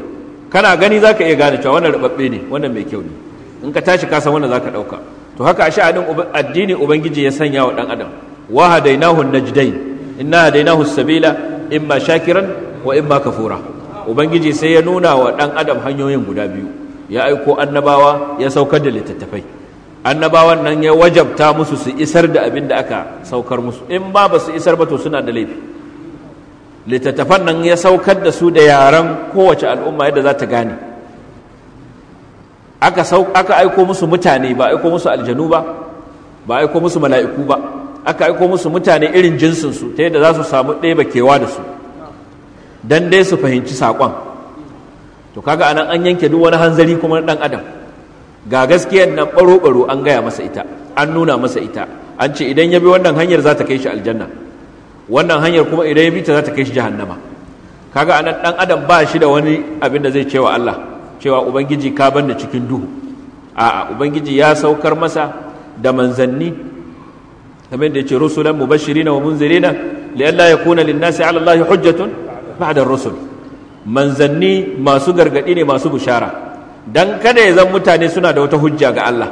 Speaker 1: kana gani za ka iya gane cewa wannan rubabbe ne wannan mai kyau ne in ka tashi ka san wanda ka ɗauka to haka a sha'anin addini ubangiji ya sanya wa ɗan adam wa hadainahu najdain inna hadainahu sabila imma shakiran wa imma kafura ubangiji sai ya nuna wa ɗan adam hanyoyin guda biyu ya aiko annabawa ya saukar da littattafai annabawan nan ya wajabta musu su isar da abin da aka saukar musu in ba ba su isar ba to suna da laifi littattafan nan ya saukar da su da yaran kowace al'umma yadda za ta gane aka aiko musu mutane ba aiko musu aljanu ba ba aiko musu mala'iku ba aka aiko musu mutane irin jinsin su ta yadda za su samu ɗeba kewa da su dan dai su fahimci saƙon to kaga anan an yanke duk wani hanzari kuma na ɗan adam ga gaskiyar nan baro baro an gaya masa ita an nuna masa ita an ce idan ya bi wannan hanyar za ta kai shi aljanna wannan hanyar kuma idan ya bi ta za ta kai shi jahannama kaga anan ɗan adam ba shi da wani abin da zai cewa Allah cewa ubangiji ka banda cikin duhu a'a ubangiji ya saukar masa da manzanni kamar da yace rusulan mubashirina wa munzirina lialla yakuna lin-nasi 'ala Allahi hujjatun ba'da ar-rusul manzanni masu gargadi ne masu bushara dan kada ya zan mutane suna da wata hujja ga Allah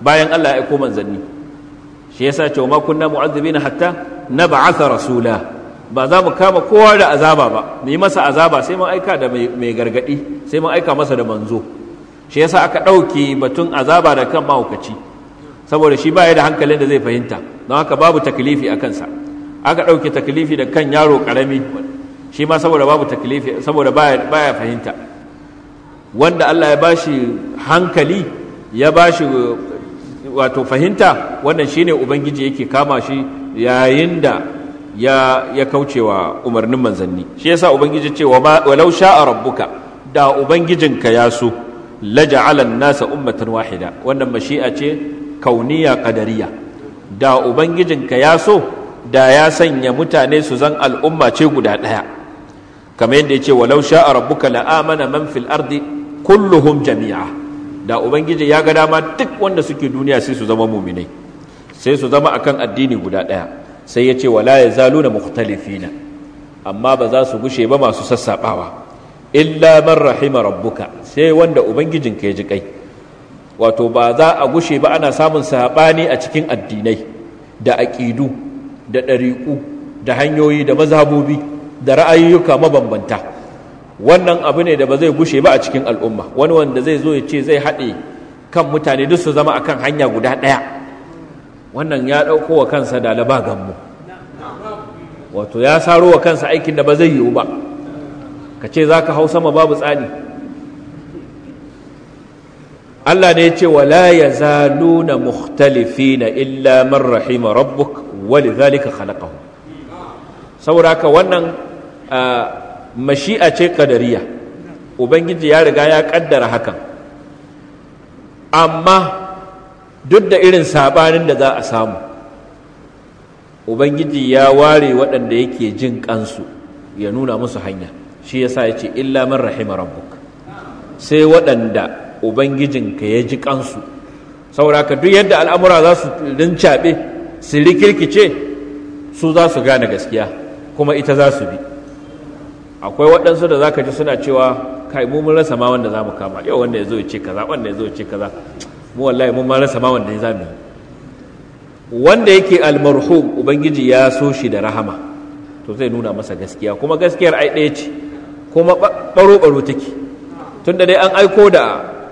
Speaker 1: bayan Allah ya aiko manzanni shi yasa cewa ma kunna mu'azzibina hatta nab'atha rasula ba za mu kama kowa da azaba ba mu yi masa azaba sai mun aika da mai gargadi sai mun aika masa da manzo shi yasa aka ɗauke batun azaba da kan mahaukaci saboda shi baya da hankalin da zai fahimta don haka babu taklifi a kansa aka ɗauke taklifi da kan yaro ƙarami shi ma saboda babu taklifi saboda baya fahimta wanda Allah ya bashi hankali ya bashi wato fahimta wannan shine ubangiji yake kama shi yayin da ya ya kaucewa umarnin manzanni shi yasa ubangiji ce walau sha'a rabbuka da ubangijinka ya so laja'alan nasa ummatan wahida wannan mashi'a ce kauniya qadariya da ubangijinka ya so da ya sanya mutane su zan al'umma ce guda ɗaya kamar yadda ya ce walau sha'a rabbuka la'amana man fil ardi kulluhum jami'a da ubangiji ya ga dama duk wanda suke duniya sai su zama muminai sai su zama akan addini guda ɗaya sai ya ce wala ya zalu na mukhtalifina amma ba za su gushe ba masu sassaɓawa illa man rahima rabbuka sai wanda ubangijin ya ji kai wato ba za a gushe ba ana samun saɓani a cikin addinai da aƙidu da ɗariƙu da hanyoyi da mazhabobi da ra'ayoyuka mabambanta wannan abu ne da ba zai gushe ba a cikin al'umma wani wanda zai zo ya ce zai haɗe kan mutane duk su zama akan hanya guda ɗaya wannan ya ɗauko wa kansa da laba wato ya saro wa kansa aikin da ba zai yiwu ba ka ce za ka hau sama babu tsani Allah ne ya ce wala ya muhtalifi na illa man rahima rabbuk wali zalika khalaqahu saboda haka wannan mashi'a ce kadariya ubangiji ya riga ya kaddara hakan amma duk da irin sabanin da za a samu ubangiji ya ware waɗanda yake jin kansu ya nuna musu hanya shi ya sa ya ce illa man rahima rabbuk sai waɗanda ubangijinka ya ji kansu sauraka duk yadda al'amura za su rincaɓe su rikirkice su za su gane gaskiya kuma ita za su bi akwai waɗansu da za ka ji suna cewa kai mu mun rasa ma wanda za mu kama yau wanda ya zo ya ce kaza wanda ya zo ya ce kaza mu wallahi mun ma rasa ma wanda ya zamu wanda yake almarhu ubangiji ya so shi da rahama to zai nuna masa gaskiya kuma gaskiyar ai ɗaya ce kuma baro baro take tunda dai an aiko da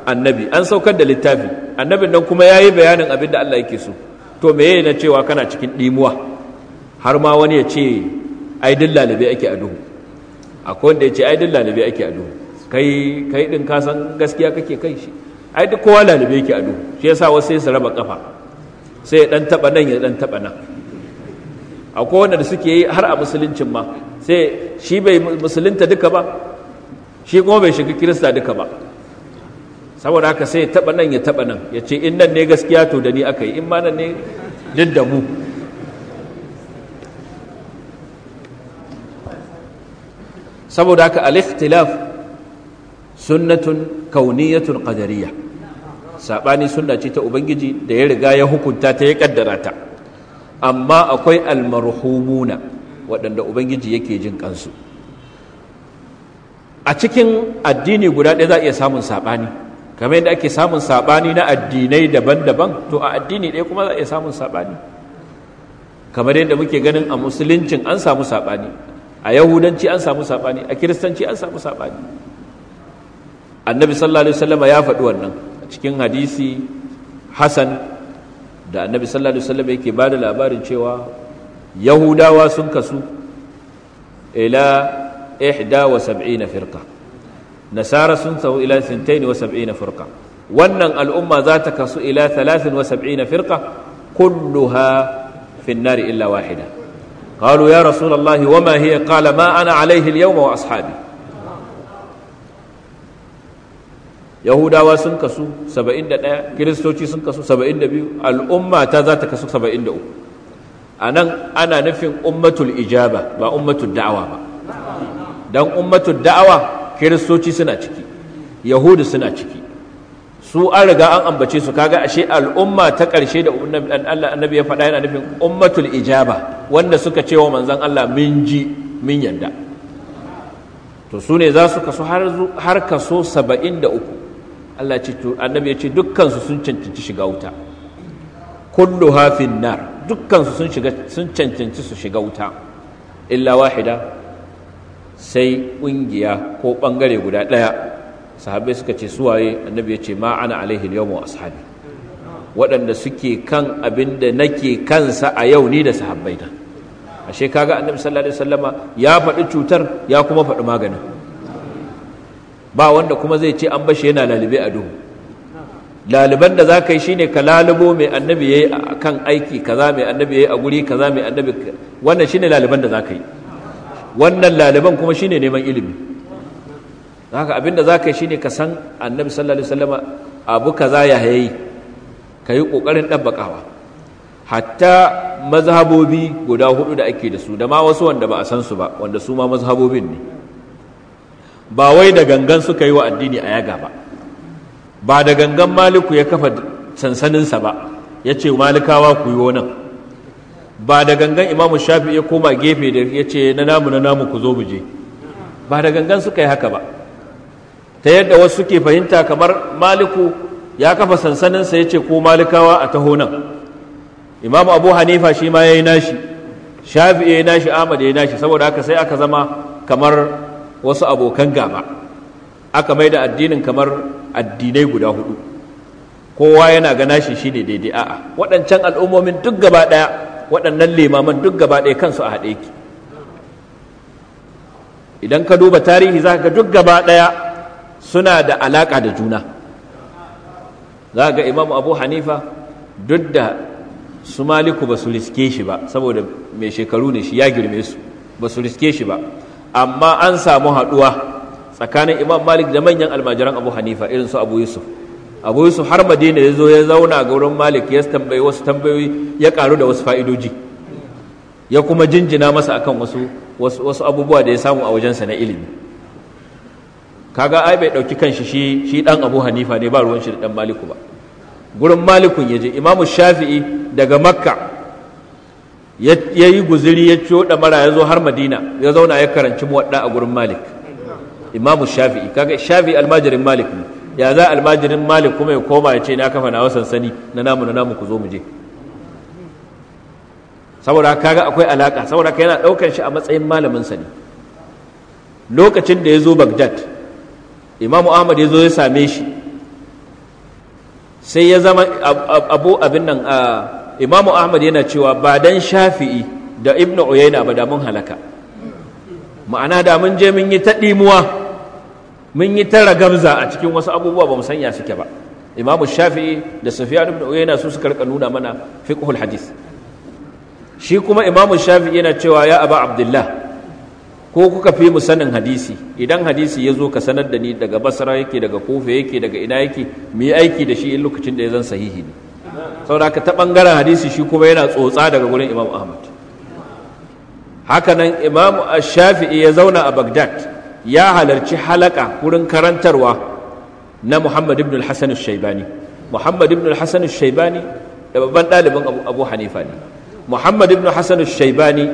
Speaker 1: annabi an saukar da littafi annabin nan kuma ya yi bayanin abin da Allah yake so to meye na cewa kana cikin dimuwa har ma wani ya ce ai duk lalabe ake a duhu akwai wanda ya ce ai duk lalabe ake a duhu kai kai din ka san gaskiya kake kai shi ai duk kowa lalube yake ado shi yasa wasu sai su raba kafa sai ya dan taba nan ya dan taba nan akwai wanda da suke yi har a musuluncin ma sai shi bai musulunta duka ba shi kuma bai shiga kirista duka ba saboda haka sai ya taba nan ya taba nan ya ce in nan ne gaskiya to da ni aka yi in ma nan ne duk da mu saboda haka al-ikhtilaf sunnatun kauniyatun qadariyah saɓani sunna ce ta ubangiji da ya riga ya hukunta ta ya kaddara ta amma akwai almarhumuna waɗanda ubangiji yake jin kansu a cikin addini guda ɗaya za a iya samun saɓani kamar yadda ake samun saɓani na addinai daban-daban to a addini ɗaya kuma za a iya samun saɓani kamar yadda muke ganin a musuluncin an samu saɓani a yahudanci an samu saɓani a kiristanci an samu saɓani annabi sallallahu alaihi wasallam ya faɗi wannan cikin hadisi Hassan da annabi sallallahu alaihi wasallam yake da labarin cewa yahudawa sun kasu ila 71 firka nasara sun sau ila 72 firka wannan al'umma za ta kasu ila 73 firqa kulluha fi illa wahida قالوا يا رسول الله وما هي قال ما انا عليه اليوم واصحابي yahudawa sun kasu 71 kiristoci sun kasu 72 al'umma ta za ta kasu 73 a nan ana nufin ummatul ijaba ba ummatul da'awa ba don ummatul da'awa kiristoci suna ciki yahudu suna ciki su an riga an ambace su kaga ashe al'umma ta ƙarshe da annabi ya faɗa yana nufin ummatul ijaba wanda suka ce wa manzon Allah min ji min yadda to su ne za su kaso har kaso saba'in da uku Allah ce to annabi ya ce dukkan su sun cancanci shiga wuta kullu hafin nar dukkan su sun shiga sun cancanci su shiga wuta illa wahida sai kungiya ko bangare guda daya sahabbai suka ce su waye annabi ya ce ma ana alaihi yawmu ashabi waɗanda suke kan abin da nake kansa a yau ni da sahabbai na ashe kaga annabi sallallahu alaihi wasallama ya faɗi cutar ya kuma faɗi maganin ba wanda kuma zai ce an bashi yana lalube a duhu laliban da za ka yi shi ne ka lalubo mai annabi ya yi a kan aiki kaza mai annabi ya yi a guri kaza mai annabi wannan shi ne laliban da za ka yi wannan laliban kuma shi ne neman ilimi haka abinda za ka yi shi ne ka san annabi sallallahu alaihi wasallama abu kaza ya yayi ka yi ƙoƙarin ɗabbaƙawa hatta mazhabobi guda hudu da ake da su da ma wasu wanda ba a san su ba wanda su ma mazhabobin ne ba wai da gangan suka yi wa addini a yaga ba ba da gangan maliku ya kafa sansaninsa ba ya ce malikawa ku yi nan ba da gangan imamu shafi ya koma gefe da ya ce na namu na namu ku zo mu je ba da gangan suka yi haka ba ta yadda wasu suke fahimta kamar maliku ya kafa sansaninsa ya ce ko malikawa a taho nan imamu abu hanifa shi ma ya yi nashi shafi ya yi nashi ahmad ya yi nashi saboda haka sai aka zama kamar wasu abokan gaba aka mai da addinin kamar addinai guda hudu kowa yana gana shi shi ne daidai a'a waɗancan al'ummomin duk gaba ɗaya waɗannan limaman duk gaba ɗaya kansu a haɗe ki idan ka duba tarihi za ka duk gaba ɗaya suna da alaƙa da juna za ga imam abu hanifa duk da su maliku ba su riske shi ba saboda mai shekaru ne shi ya girme su ba su riske shi ba amma an samu haɗuwa tsakanin imam malik da manyan almajiran abu hanifa irin su abu yusuf abu yusuf har madina ya zo ya zauna ga wurin malik ya tambayi wasu tambayoyi ya karu da wasu fa'idoji ya kuma jinjina masa akan wasu wasu abubuwa da ya samu a wajensa na ilimi kaga ai bai ɗauki kanshi shi shi ɗan abu hanifa ne ba ruwan shi da ɗan maliku ba gurin malikun ya je imamu shafi'i daga makka ya yi guziri ya coɗa mara ya zo har madina ya zauna ya karanci muwaɗa a gurin malik imamu shafi'i kaga shafi'i almajirin malik ne ya za almajirin malik kuma ya koma ya ce na kafa na sansani na namu na namu ku zo mu je saboda kaga akwai alaka saboda ka yana ɗaukar shi a matsayin malamin sa ne lokacin da ya zo bagdad imamu ahmad ya zo ya same shi sai ya zama abu abin nan a ah, imamu ahmad yana cewa ba dan shafi'i da ibn uyayna ba da mun halaka ma'ana da mun je mun yi ta ɗimuwa mun yi ta ragabza a cikin wasu abubuwa ba mu sanya suke ba imamu shafi'i da safiyan ibn uyayna su suka rika nuna mana fiqhul hadis shi kuma imamu shafi'i yana cewa ya aba abdullah ko kuka fi mu sanin hadisi idan hadisi ya zo ka sanar da ni daga basra yake daga kofa yake daga ina yake mu yi aiki da shi in lokacin da ya zan sahihi ne saboda haka ta bangaren hadisi shi kuma yana tsotsa daga gurin imam ahmad hakanan imam shafi'i ya zauna a bagdad ya halarci halaka wurin karantarwa na muhammad ibn al-hasan shaibani muhammad ibn al-hasan shaibani da babban ɗalibin abu hanifa ne muhammad ibn al-hasan shaibani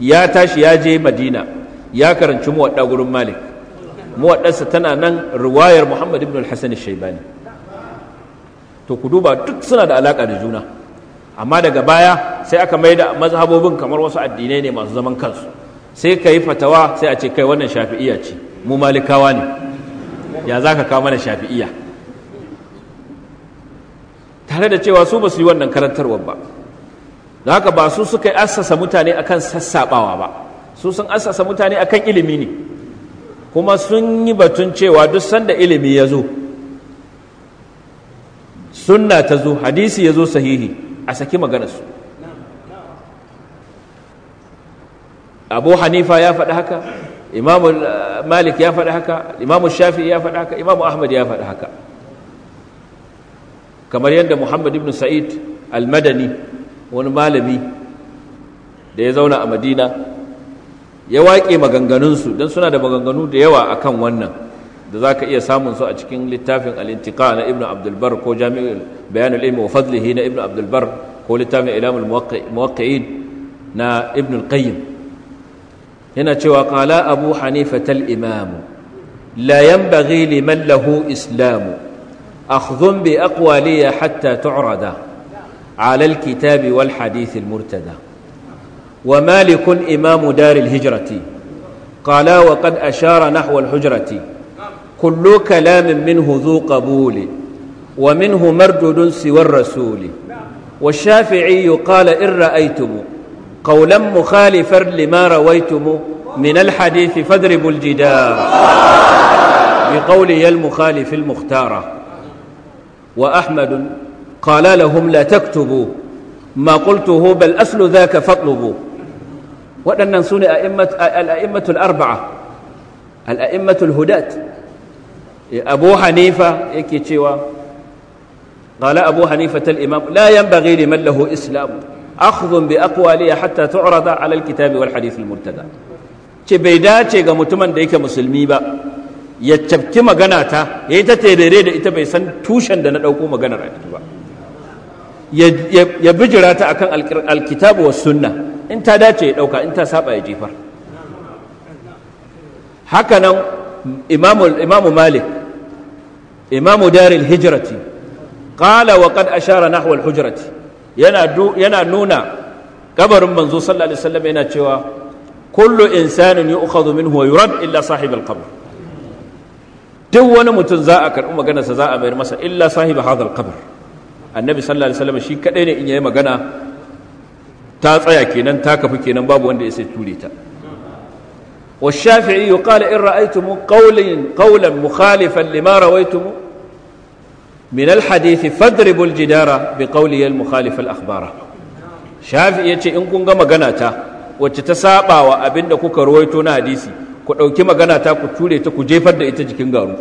Speaker 1: ya tashi ya je madina ya karanci muwadda gurin malik muwaddarsa tana nan ruwayar muhammad ibn al-hasan shaibani to ku duba duk suna da alaka da juna amma daga baya sai aka mai da mazhabobin kamar wasu addinai ne masu zaman kansu sai ka yi fatawa sai a ce kai wannan shafi'iya ce mu malikawa ne ya za ka kawo mana shafi'iya tare da cewa su ba su yi wannan karantarwar ba don haka ba su suka yi assasa mutane akan sassabawa ba su sun assasa mutane akan ilimi ne kuma sun yi batun cewa duk sanda ilimi ya zo sunna ta zo hadisi ya zo sahihi a saki maganarsu abu hanifa ya faɗi haka imamu uh, malik ya faɗi haka imamu shafi ya faɗi haka imamu ahmad ya faɗi haka kamar yadda muhammad ibn sa'id almadani wani malami da ya zauna a madina ya waƙe maganganunsu don suna da maganganu da yawa akan wannan da za ka iya samun su a cikin littafin al'intiƙa na ibn abdulbar ko jami'ul bayan ilmi wa fadlihi na ibn abdulbar ko littafin ilamul muwaqqi'in na ibn al-qayyim yana cewa qala abu al-imam la yanbaghi liman lahu islam akhdhun bi aqwaliya hatta tu'rada ala al-kitabi wal hadith al-murtada wa malikun imamu daril hijrati qala wa qad ashara nahwa al-hujrati كل كلام منه ذو قبول ومنه مردد سوى الرسول والشافعي قال إن رأيتم قولا مخالفا لما رويتم من الحديث فاضربوا الجدار بقوله المخالف المختارة وأحمد قال لهم لا تكتبوا ما قلته بل أصل ذاك فاطلبوا وأن ننسون الأئمة الأربعة الأئمة الهدات abu hanifa yake cewa قال أبو حنيفة الإمام لا ينبغي لمن له hatta أخذ بأقواله حتى تعرض على الكتاب والحديث المرتدى ce bai dace ga mutumin da yake musulmi ba ya cafki magana ta ya yi ta terere da ita bai san tushen da na ɗauko maganar a ba ya bijira ta akan alkitabu wa sunna in ta dace ya ɗauka in ta saba ya jefar haka nan imamu malik imamu daril hijrati qala wa qad ashara nahwa al hujrati yana nuna kabarin manzo sallallahu alaihi wasallam yana cewa kullu insanin yu'khadhu minhu wa yurad illa sahib al qabr duk wani mutum za a karɓi maganarsa za a mayar masa illa sahib hadha al qabr annabi sallallahu alaihi wasallam shi kadai ne in yi magana ta tsaya kenan ta kenan babu wanda ya sai ture ta والشافعي قال إن رأيتم قول قولا مخالفا لما رويتم minal alhadithi fadribul jidara bin qawli al mukhalif akbara akhbara shafi yace in kun ga magana ta wacce ta saba wa abinda kuka ruwaito na hadisi ku ɗauki magana ta ku ture ta ku jefar da ita jikin garu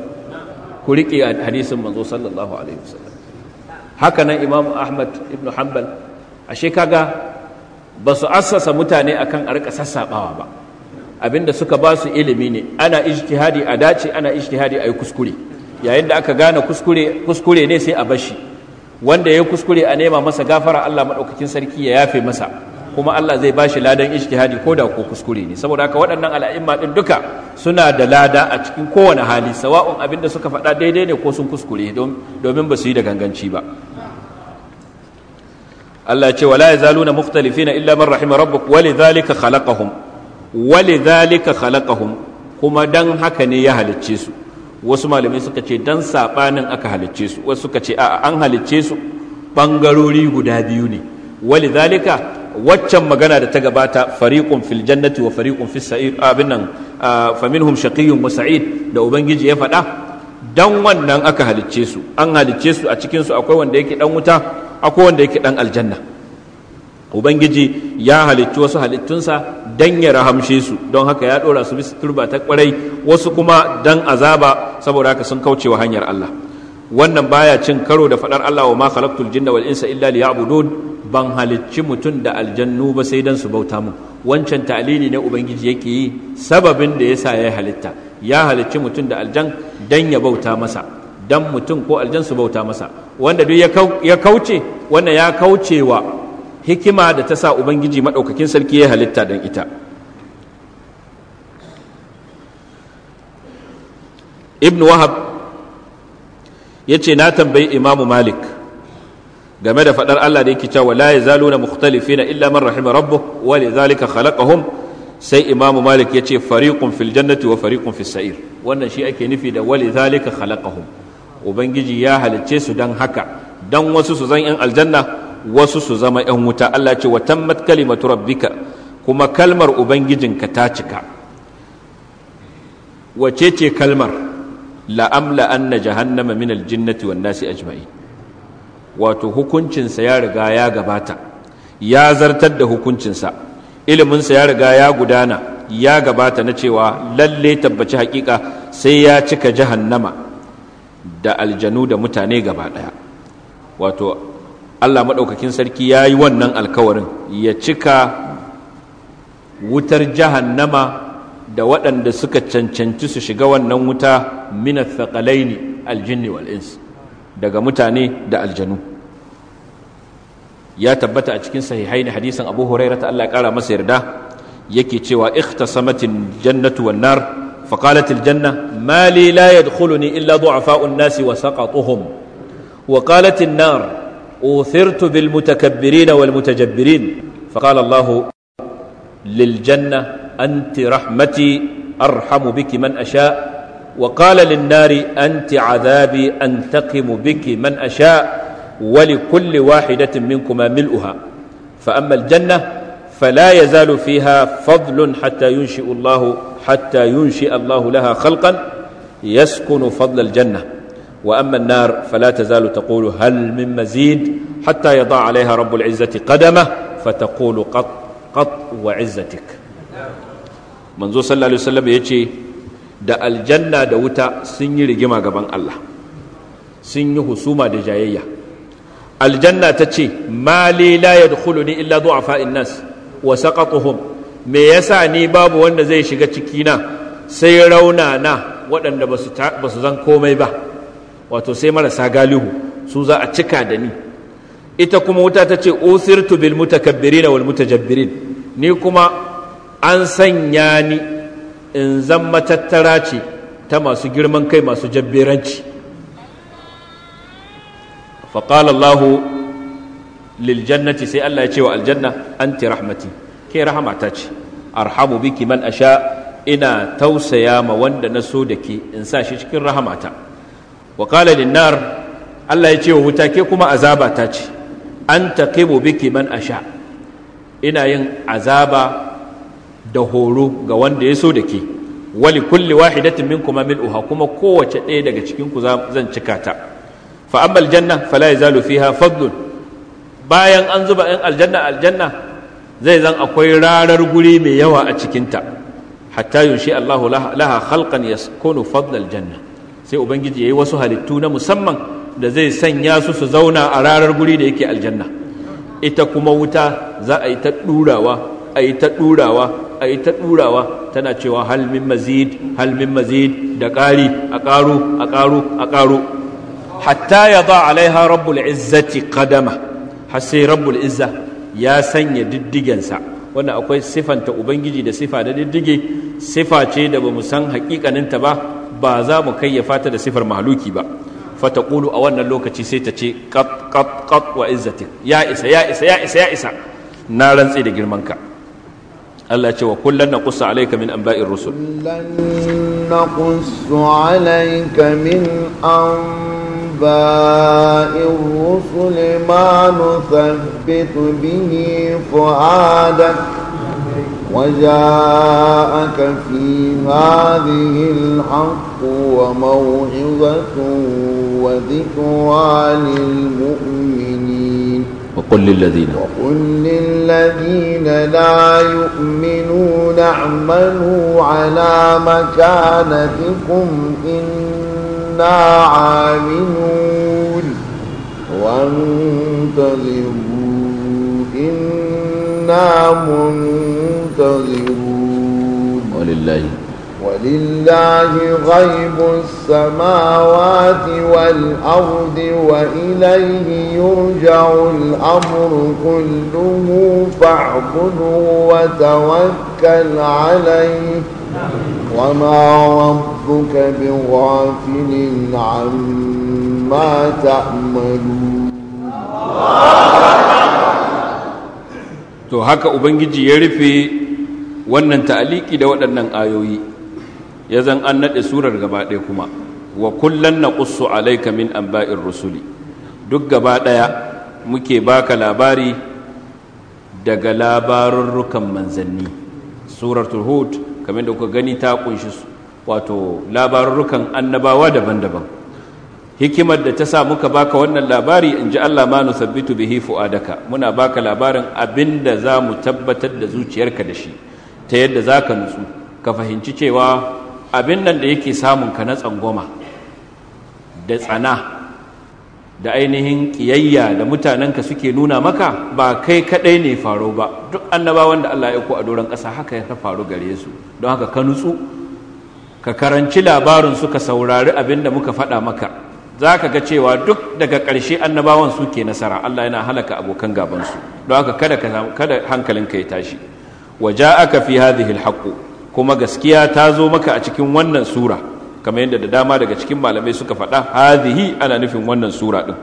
Speaker 1: ku rike hadisin manzo sallallahu alaihi wasallam haka nan imam ahmad ibn hanbal ashe kaga ba su assasa mutane akan a rika sassabawa ba abinda suka ba su ilimi ne ana ijtihadi a dace ana ijtihadi a yi kuskure yayin da aka gane kuskure kuskure ne sai a bashi wanda ya kuskure a nema masa gafara Allah madaukakin sarki ya yafe masa kuma Allah zai bashi ladan ijtihadi ko da ko kuskure ne saboda haka waɗannan al'a'imma din duka suna da lada a cikin kowane hali sawa'un abin da suka faɗa daidai ne ko sun kuskure domin ba su yi da ganganci ba Allah ce wala yazaluna mukhtalifina illa man rahima rabbuk walidhalika khalaqahum walidhalika khalaqahum kuma dan haka ne ya halicce su wasu malamai suka ce dan saɓanin aka halicce su wasu suka ce a'a an halicce su ɓangarori guda biyu ne wali zalika waccan magana da ta gabata fariƙun fil jannati wa fariƙun fil sa'id abin nan faminhum shaqiyyun wa sa'id da ubangiji ya faɗa dan wannan aka halicce su an halicce su a cikin su akwai wanda yake dan wuta akwai wanda yake dan aljanna ubangiji ya halicci wasu halittunsa dan ya rahamshe su don haka ya dora su bisa turba ta kwarai wasu kuma dan azaba saboda haka sun kaucewa hanyar Allah wannan baya cin karo da fadar Allah wa ma khalaqtul jinna wal insa illa liya'budun ban halicci mutum da aljannu ba sai dan su bauta mu wancan ta'lili ne ubangiji yake yi sababin da yasa ya halitta ya halicci mutum da aljan dan ya bauta masa dan mutum ko aljan su bauta masa wanda duk ya kauce wannan ya kaucewa hikima da ta sa ubangiji maɗaukakin sarki ya halitta dan ita ibn wahab ya ce na tambayi imamu malik game da faɗar allah da yake cewa wala ya zalo na mukhtalifina illa man rahima rabbu wa li zalika khalaqahum sai imamu malik ya ce fariƙun fil jannati wa fariƙun fis sa'ir wannan shi ake nufi da wa li zalika khalaqahum ubangiji ya halicce su dan haka dan wasu su zan yan aljanna wasu su zama 'yan wuta Allah ce wa tammat kalimatu rabbika kuma kalmar ubangijinka ta cika wace ce kalmar la'amla anna jahannama min aljinnati wan nasi ajma'i wato hukuncinsa ya riga ya gabata ya zartar da hukuncinsa iliminsa ya riga ya gudana ya gabata na cewa lalle tabbaci hakika sai ya cika jahannama da aljanu da mutane gaba daya wato Allah maɗaukakin sarki ya yi wannan alkawarin ya cika wutar jahannama da waɗanda suka cancanci su shiga wannan wuta minat thaqalaini aljinni daga mutane da aljanu ya tabbata a cikin sahihaini hadisin Abu ta Allah ya kara masa yarda yake cewa ikhtasamatin jannatu wan nar فقالت la ما لي لا يدخلني إلا ضعفاء الناس وسقطهم وقالت النار أوثرت بالمتكبرين والمتجبرين فقال الله للجنة أنت رحمتي أرحم بك من أشاء وقال للنار أنت عذابي أنتقم بك من أشاء ولكل واحدة منكما ملؤها فأما الجنة فلا يزال فيها فضل حتى ينشئ الله حتى ينشئ الله لها خلقا يسكن فضل الجنه وأما النار zalu ta تقول halmin من مزيد حتى يضع عليها رب العزة قدمه فتقول قط قط وعزتك منذ صلى الله عليه وسلم يجي da aljanna da wuta sun yi rigima gaban Allah sun yi husuma da jayayya aljanna ta ce mali la yadkhuluni illa du'afa nas wa saqatuhum me yasa ni babu wanda zai shiga cikina sai rauna na waɗanda ba su komai ba wato sai marasa galihu su za a cika da ni ita kuma wuta ta ce usirtu bil mutakabbirin wal mutajabbirin ni kuma an sanya ni in zan matattara ce ta masu girman kai masu jabbiranci faqala allah lil jannati sai allah ya ce wa aljanna anti rahmati ke rahmata ce arhamu biki man asha ina tausaya ma wanda na so da ke in sa shi cikin rahamata wa qala linnar Allah ya ce wa wuta ke kuma azaba ta ce an taqibu biki man asha ina yin azaba da horo ga wanda ya so da ke wali kulli wahidatin minkum mil'uha kuma kowace ɗaya daga cikin ku zan cika ta fa amma aljanna fala yazalu fiha fadlun bayan an zuba in aljanna aljanna zai zan akwai rarar guri mai yawa a cikinta hatta yunshi Allahu laha khalqan yaskunu fadlal janna sai ubangiji yayi wasu halittu na musamman da zai sanya su su zauna a rarar guri da yake aljanna ita kuma wuta za a yi ta durawa a yi ta a yi ta tana cewa halmin mazid halmin mazid da ƙari a ƙaro a ƙaro a ƙaro hatta ya alaiha rabbul izzati kadama har sai rabbul izza ya sanya diddigensa wannan akwai sifanta ubangiji da sifa da diddige sifa ce da bamu san hakikaninta ba ba za mu kayyafa ta da sifar mahaluki ba fataqulu a wannan lokaci sai ta ce qat qat qat wa izzatik ya isa ya isa ya isa ya isa na rantse da girman ka Allah ce wa kullun naqussu alayka min anba'ir rusul
Speaker 2: kullun naqussu alayka min anba'ir rusul ma nuthabbitu bihi fu'adak وجاءك في هذه الحق الحق وموعظة وذكرى للمؤمنين
Speaker 1: وقل للذين وقل
Speaker 2: للذين لا يؤمنون اعملوا على مكانتكم إنا عاملون وانتظروا إنا منتظرون ولله ولله غيب السماوات والأرض وإليه يرجع الأمر كله فاعبده وتوكل عليه وما ربك بغافل عما تعملون
Speaker 1: to haka ubangiji ya rufe wannan ta'aliki da waɗannan ayoyi ya zan an naɗe surar gaba ɗaya kuma wa kullum na ƙussu alaika min ba'in rusuli duk gaba ɗaya muke baka labari daga labarurrukan manzanni surar turhut kamar da kuka gani ta ƙunshi wato labarurrukan annabawa daban-daban hikimar da ta sa muka baka wannan labari in ji Allah ma sabbitu bihi fu'adaka muna baka labarin abinda za mu tabbatar da zuciyarka da shi ta yadda za ka nutsu ka fahimci cewa abin nan da yake samun ka na tsangwama da tsana da ainihin kiyayya da mutanenka suke nuna maka ba kai kaɗai ne faro ba duk annabawan da Allah ya ko a doron ƙasa haka ya faru gare su don haka ka nutsu ka karanci labarin su ka saurari abin da muka faɗa maka za ka ga cewa duk daga ƙarshe annabawan su ke nasara Allah yana halaka abokan gabansu don haka kada hankalinka ya tashi wa ja'aka fi hadhihi al kuma gaskiya ta zo maka a cikin wannan sura kamar yadda da dama daga cikin malamai suka faɗa hadhihi ana nufin wannan sura din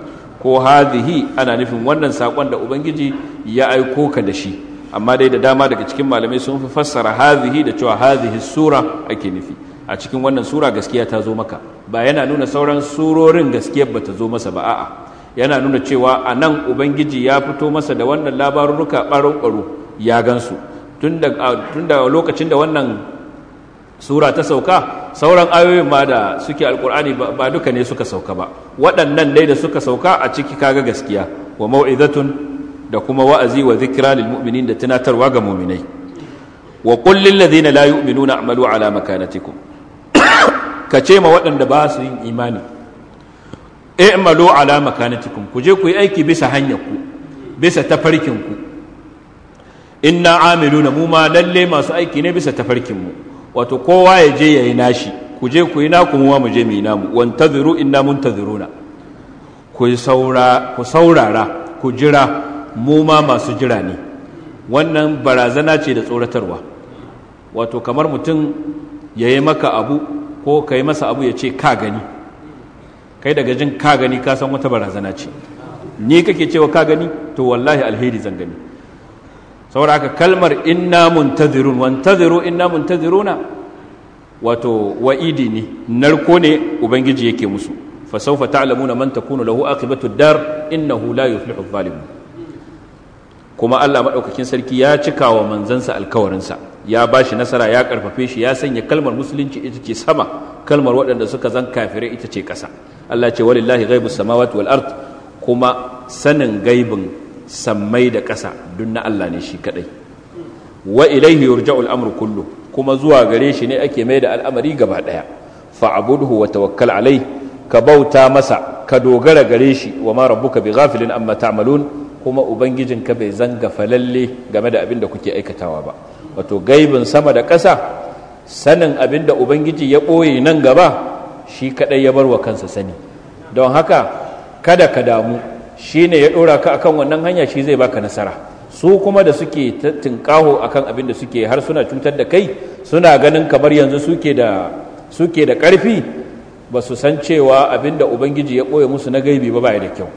Speaker 1: ko hadhihi ana nufin wannan sakon da ubangiji ya aiko ka da shi amma dai da dama daga cikin malamai sun fi fassara hadhihi da cewa hadhihi sura ake nufi a cikin wannan sura gaskiya ta zo maka ba yana nuna sauran surorin gaskiyar ba ta zo masa ba a'a yana nuna cewa a nan ubangiji ya fito masa da wannan labarurruka ɓaro-ɓaro ya gansu tun da lokacin da wannan sura ta sauka sauran ayoyin ma da suke alkur'ani ba duka ne suka sauka ba waɗannan dai da suka sauka a ciki kaga gaskiya wa mau'izatun da kuma wa'azi wa zikira lil mu'minin da tunatarwa ga mu'minai wa qul lil ladina la yu'minuna a'malu ala makanatikum (coughs) ka ce ma waɗanda ba su yin imani i'malu ala makanatikum ku je ku yi aiki bisa hanyar ku bisa tafarkin ku inna Aminu mu muma lalle masu aiki ne bisa tafarkin mu wato kowa ya je ya yi nashi ku je ku yi ku mu mu je mu yi namu zuru inna ta zuru na ku saurara ku jira muma masu jira ne wannan barazana ce da tsoratarwa wato kamar mutum ya yi maka abu ko ka yi masa abu ya ce ka gani kai daga jin ka gani ka san wata barazana ce ni kake cewa ka gani to wallahi alheri zan gani haka kalmar inna muntazirun wantaziru inna muntaziruna wato wa'idi ne narko ne ubangiji yake musu fa sawfa ta'lamuna man takunu lahu aqibatu dar innahu la yuflihu adh kuma Allah madaukakin sarki ya cika wa manzansa alkawarinsa ya bashi nasara ya karfafe shi ya sanya kalmar musulunci ita ce sama kalmar waɗanda suka zan kafirai ita ce ƙasa Allah ce walillahi ghaibus samawati wal ard kuma sanin gaibin sammai da ƙasa duk na Allah ne shi kaɗai wa ilaihi yurja'u al'amru kullu kuma zuwa gare shi ne ake mai da al'amari gaba ɗaya fa'budhu wa tawakkal alai ka bauta masa ka dogara gare shi wa ma rabbuka bighafilin amma ta'malun kuma Ubangijin ka bai zanga falalle game da abin da kuke aikatawa ba wato gaibin sama da ƙasa sanin abin da ubangiji ya ɓoye nan gaba shi kaɗai ya bar wa kansa sani don haka kada ka damu shi ne ya ɗora ka akan wannan hanya shi zai baka nasara su kuma da suke tinkaho akan abin da suke har suna cutar da kai suna ganin kamar yanzu suke da suke da karfi ba su san cewa abin da ubangiji ya ɓoye musu na gaibi ba baya da kyau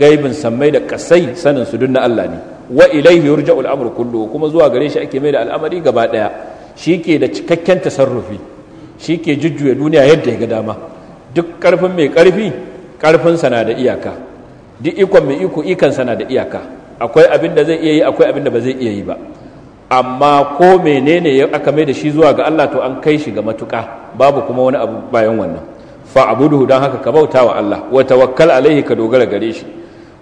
Speaker 1: gaibin sammai da kasai sanin su dun Allah ne wa ilaihi yurja'ul amru kullu kuma zuwa gare shi ake mai da al'amari gaba daya shike da cikakken tasarrufi shike jujjuya duniya yadda ya ga dama duk ƙarfin mai ƙarfi ƙarfinsa na da iyaka duk ikon mai iko ikansa na da iyaka akwai abin da zai iya yi akwai abin da ba zai iya yi ba amma ko menene ya aka mai da shi zuwa ga Allah to an kai shi ga matuƙa babu kuma wani abu bayan wannan fa abuduhu don haka ka bauta wa Allah wa tawakkal alaihi ka dogara gare shi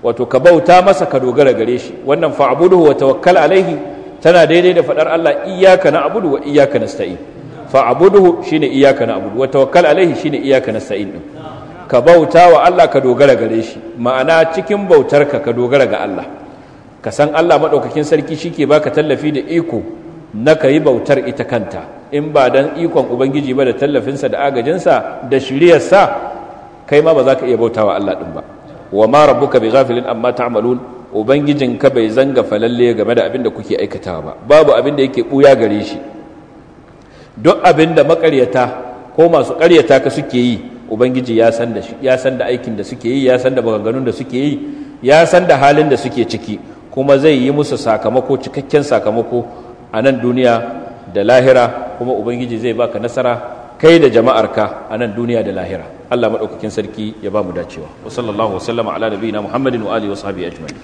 Speaker 1: wato ka bauta masa ka dogara gare shi wannan fa abuduhu wa tawakkal alaihi tana daidai da fadar Allah iyyaka na'budu wa iyyaka nasta'in fa abuduhu shine iyyaka na'budu wa tawakkal alaihi shine iyyaka nasta'in din ka bauta wa Allah ka dogara gare shi ma'ana cikin bautarka ka dogara ga Allah ka san Allah maɗaukakin sarki shi ke baka tallafi da iko na ka yi bautar ita kanta in ba dan ikon ubangiji ba da tallafinsa da agajinsa da sa, kai ma ba za ka iya bauta wa Allah ɗin ba wa ma rabbuka bi ghafilin amma ta'malun ka bai zanga falalle game da abin da kuke aikatawa ba babu abin da yake buya gare shi duk abin da makaryata ko masu ƙaryata ka suke yi ubangiji ya san da aikin da suke yi ya san da maganganun da suke yi ya san da halin da suke ciki kuma zai yi musu sakamako cikakken sakamako a nan duniya da lahira kuma ubangiji zai baka nasara kai da jama'arka a nan duniya da lahira Allah maɗaukakin sarki ya ba mu dacewa wa sallallahu ala muhammadin wa alihi wa ajma'in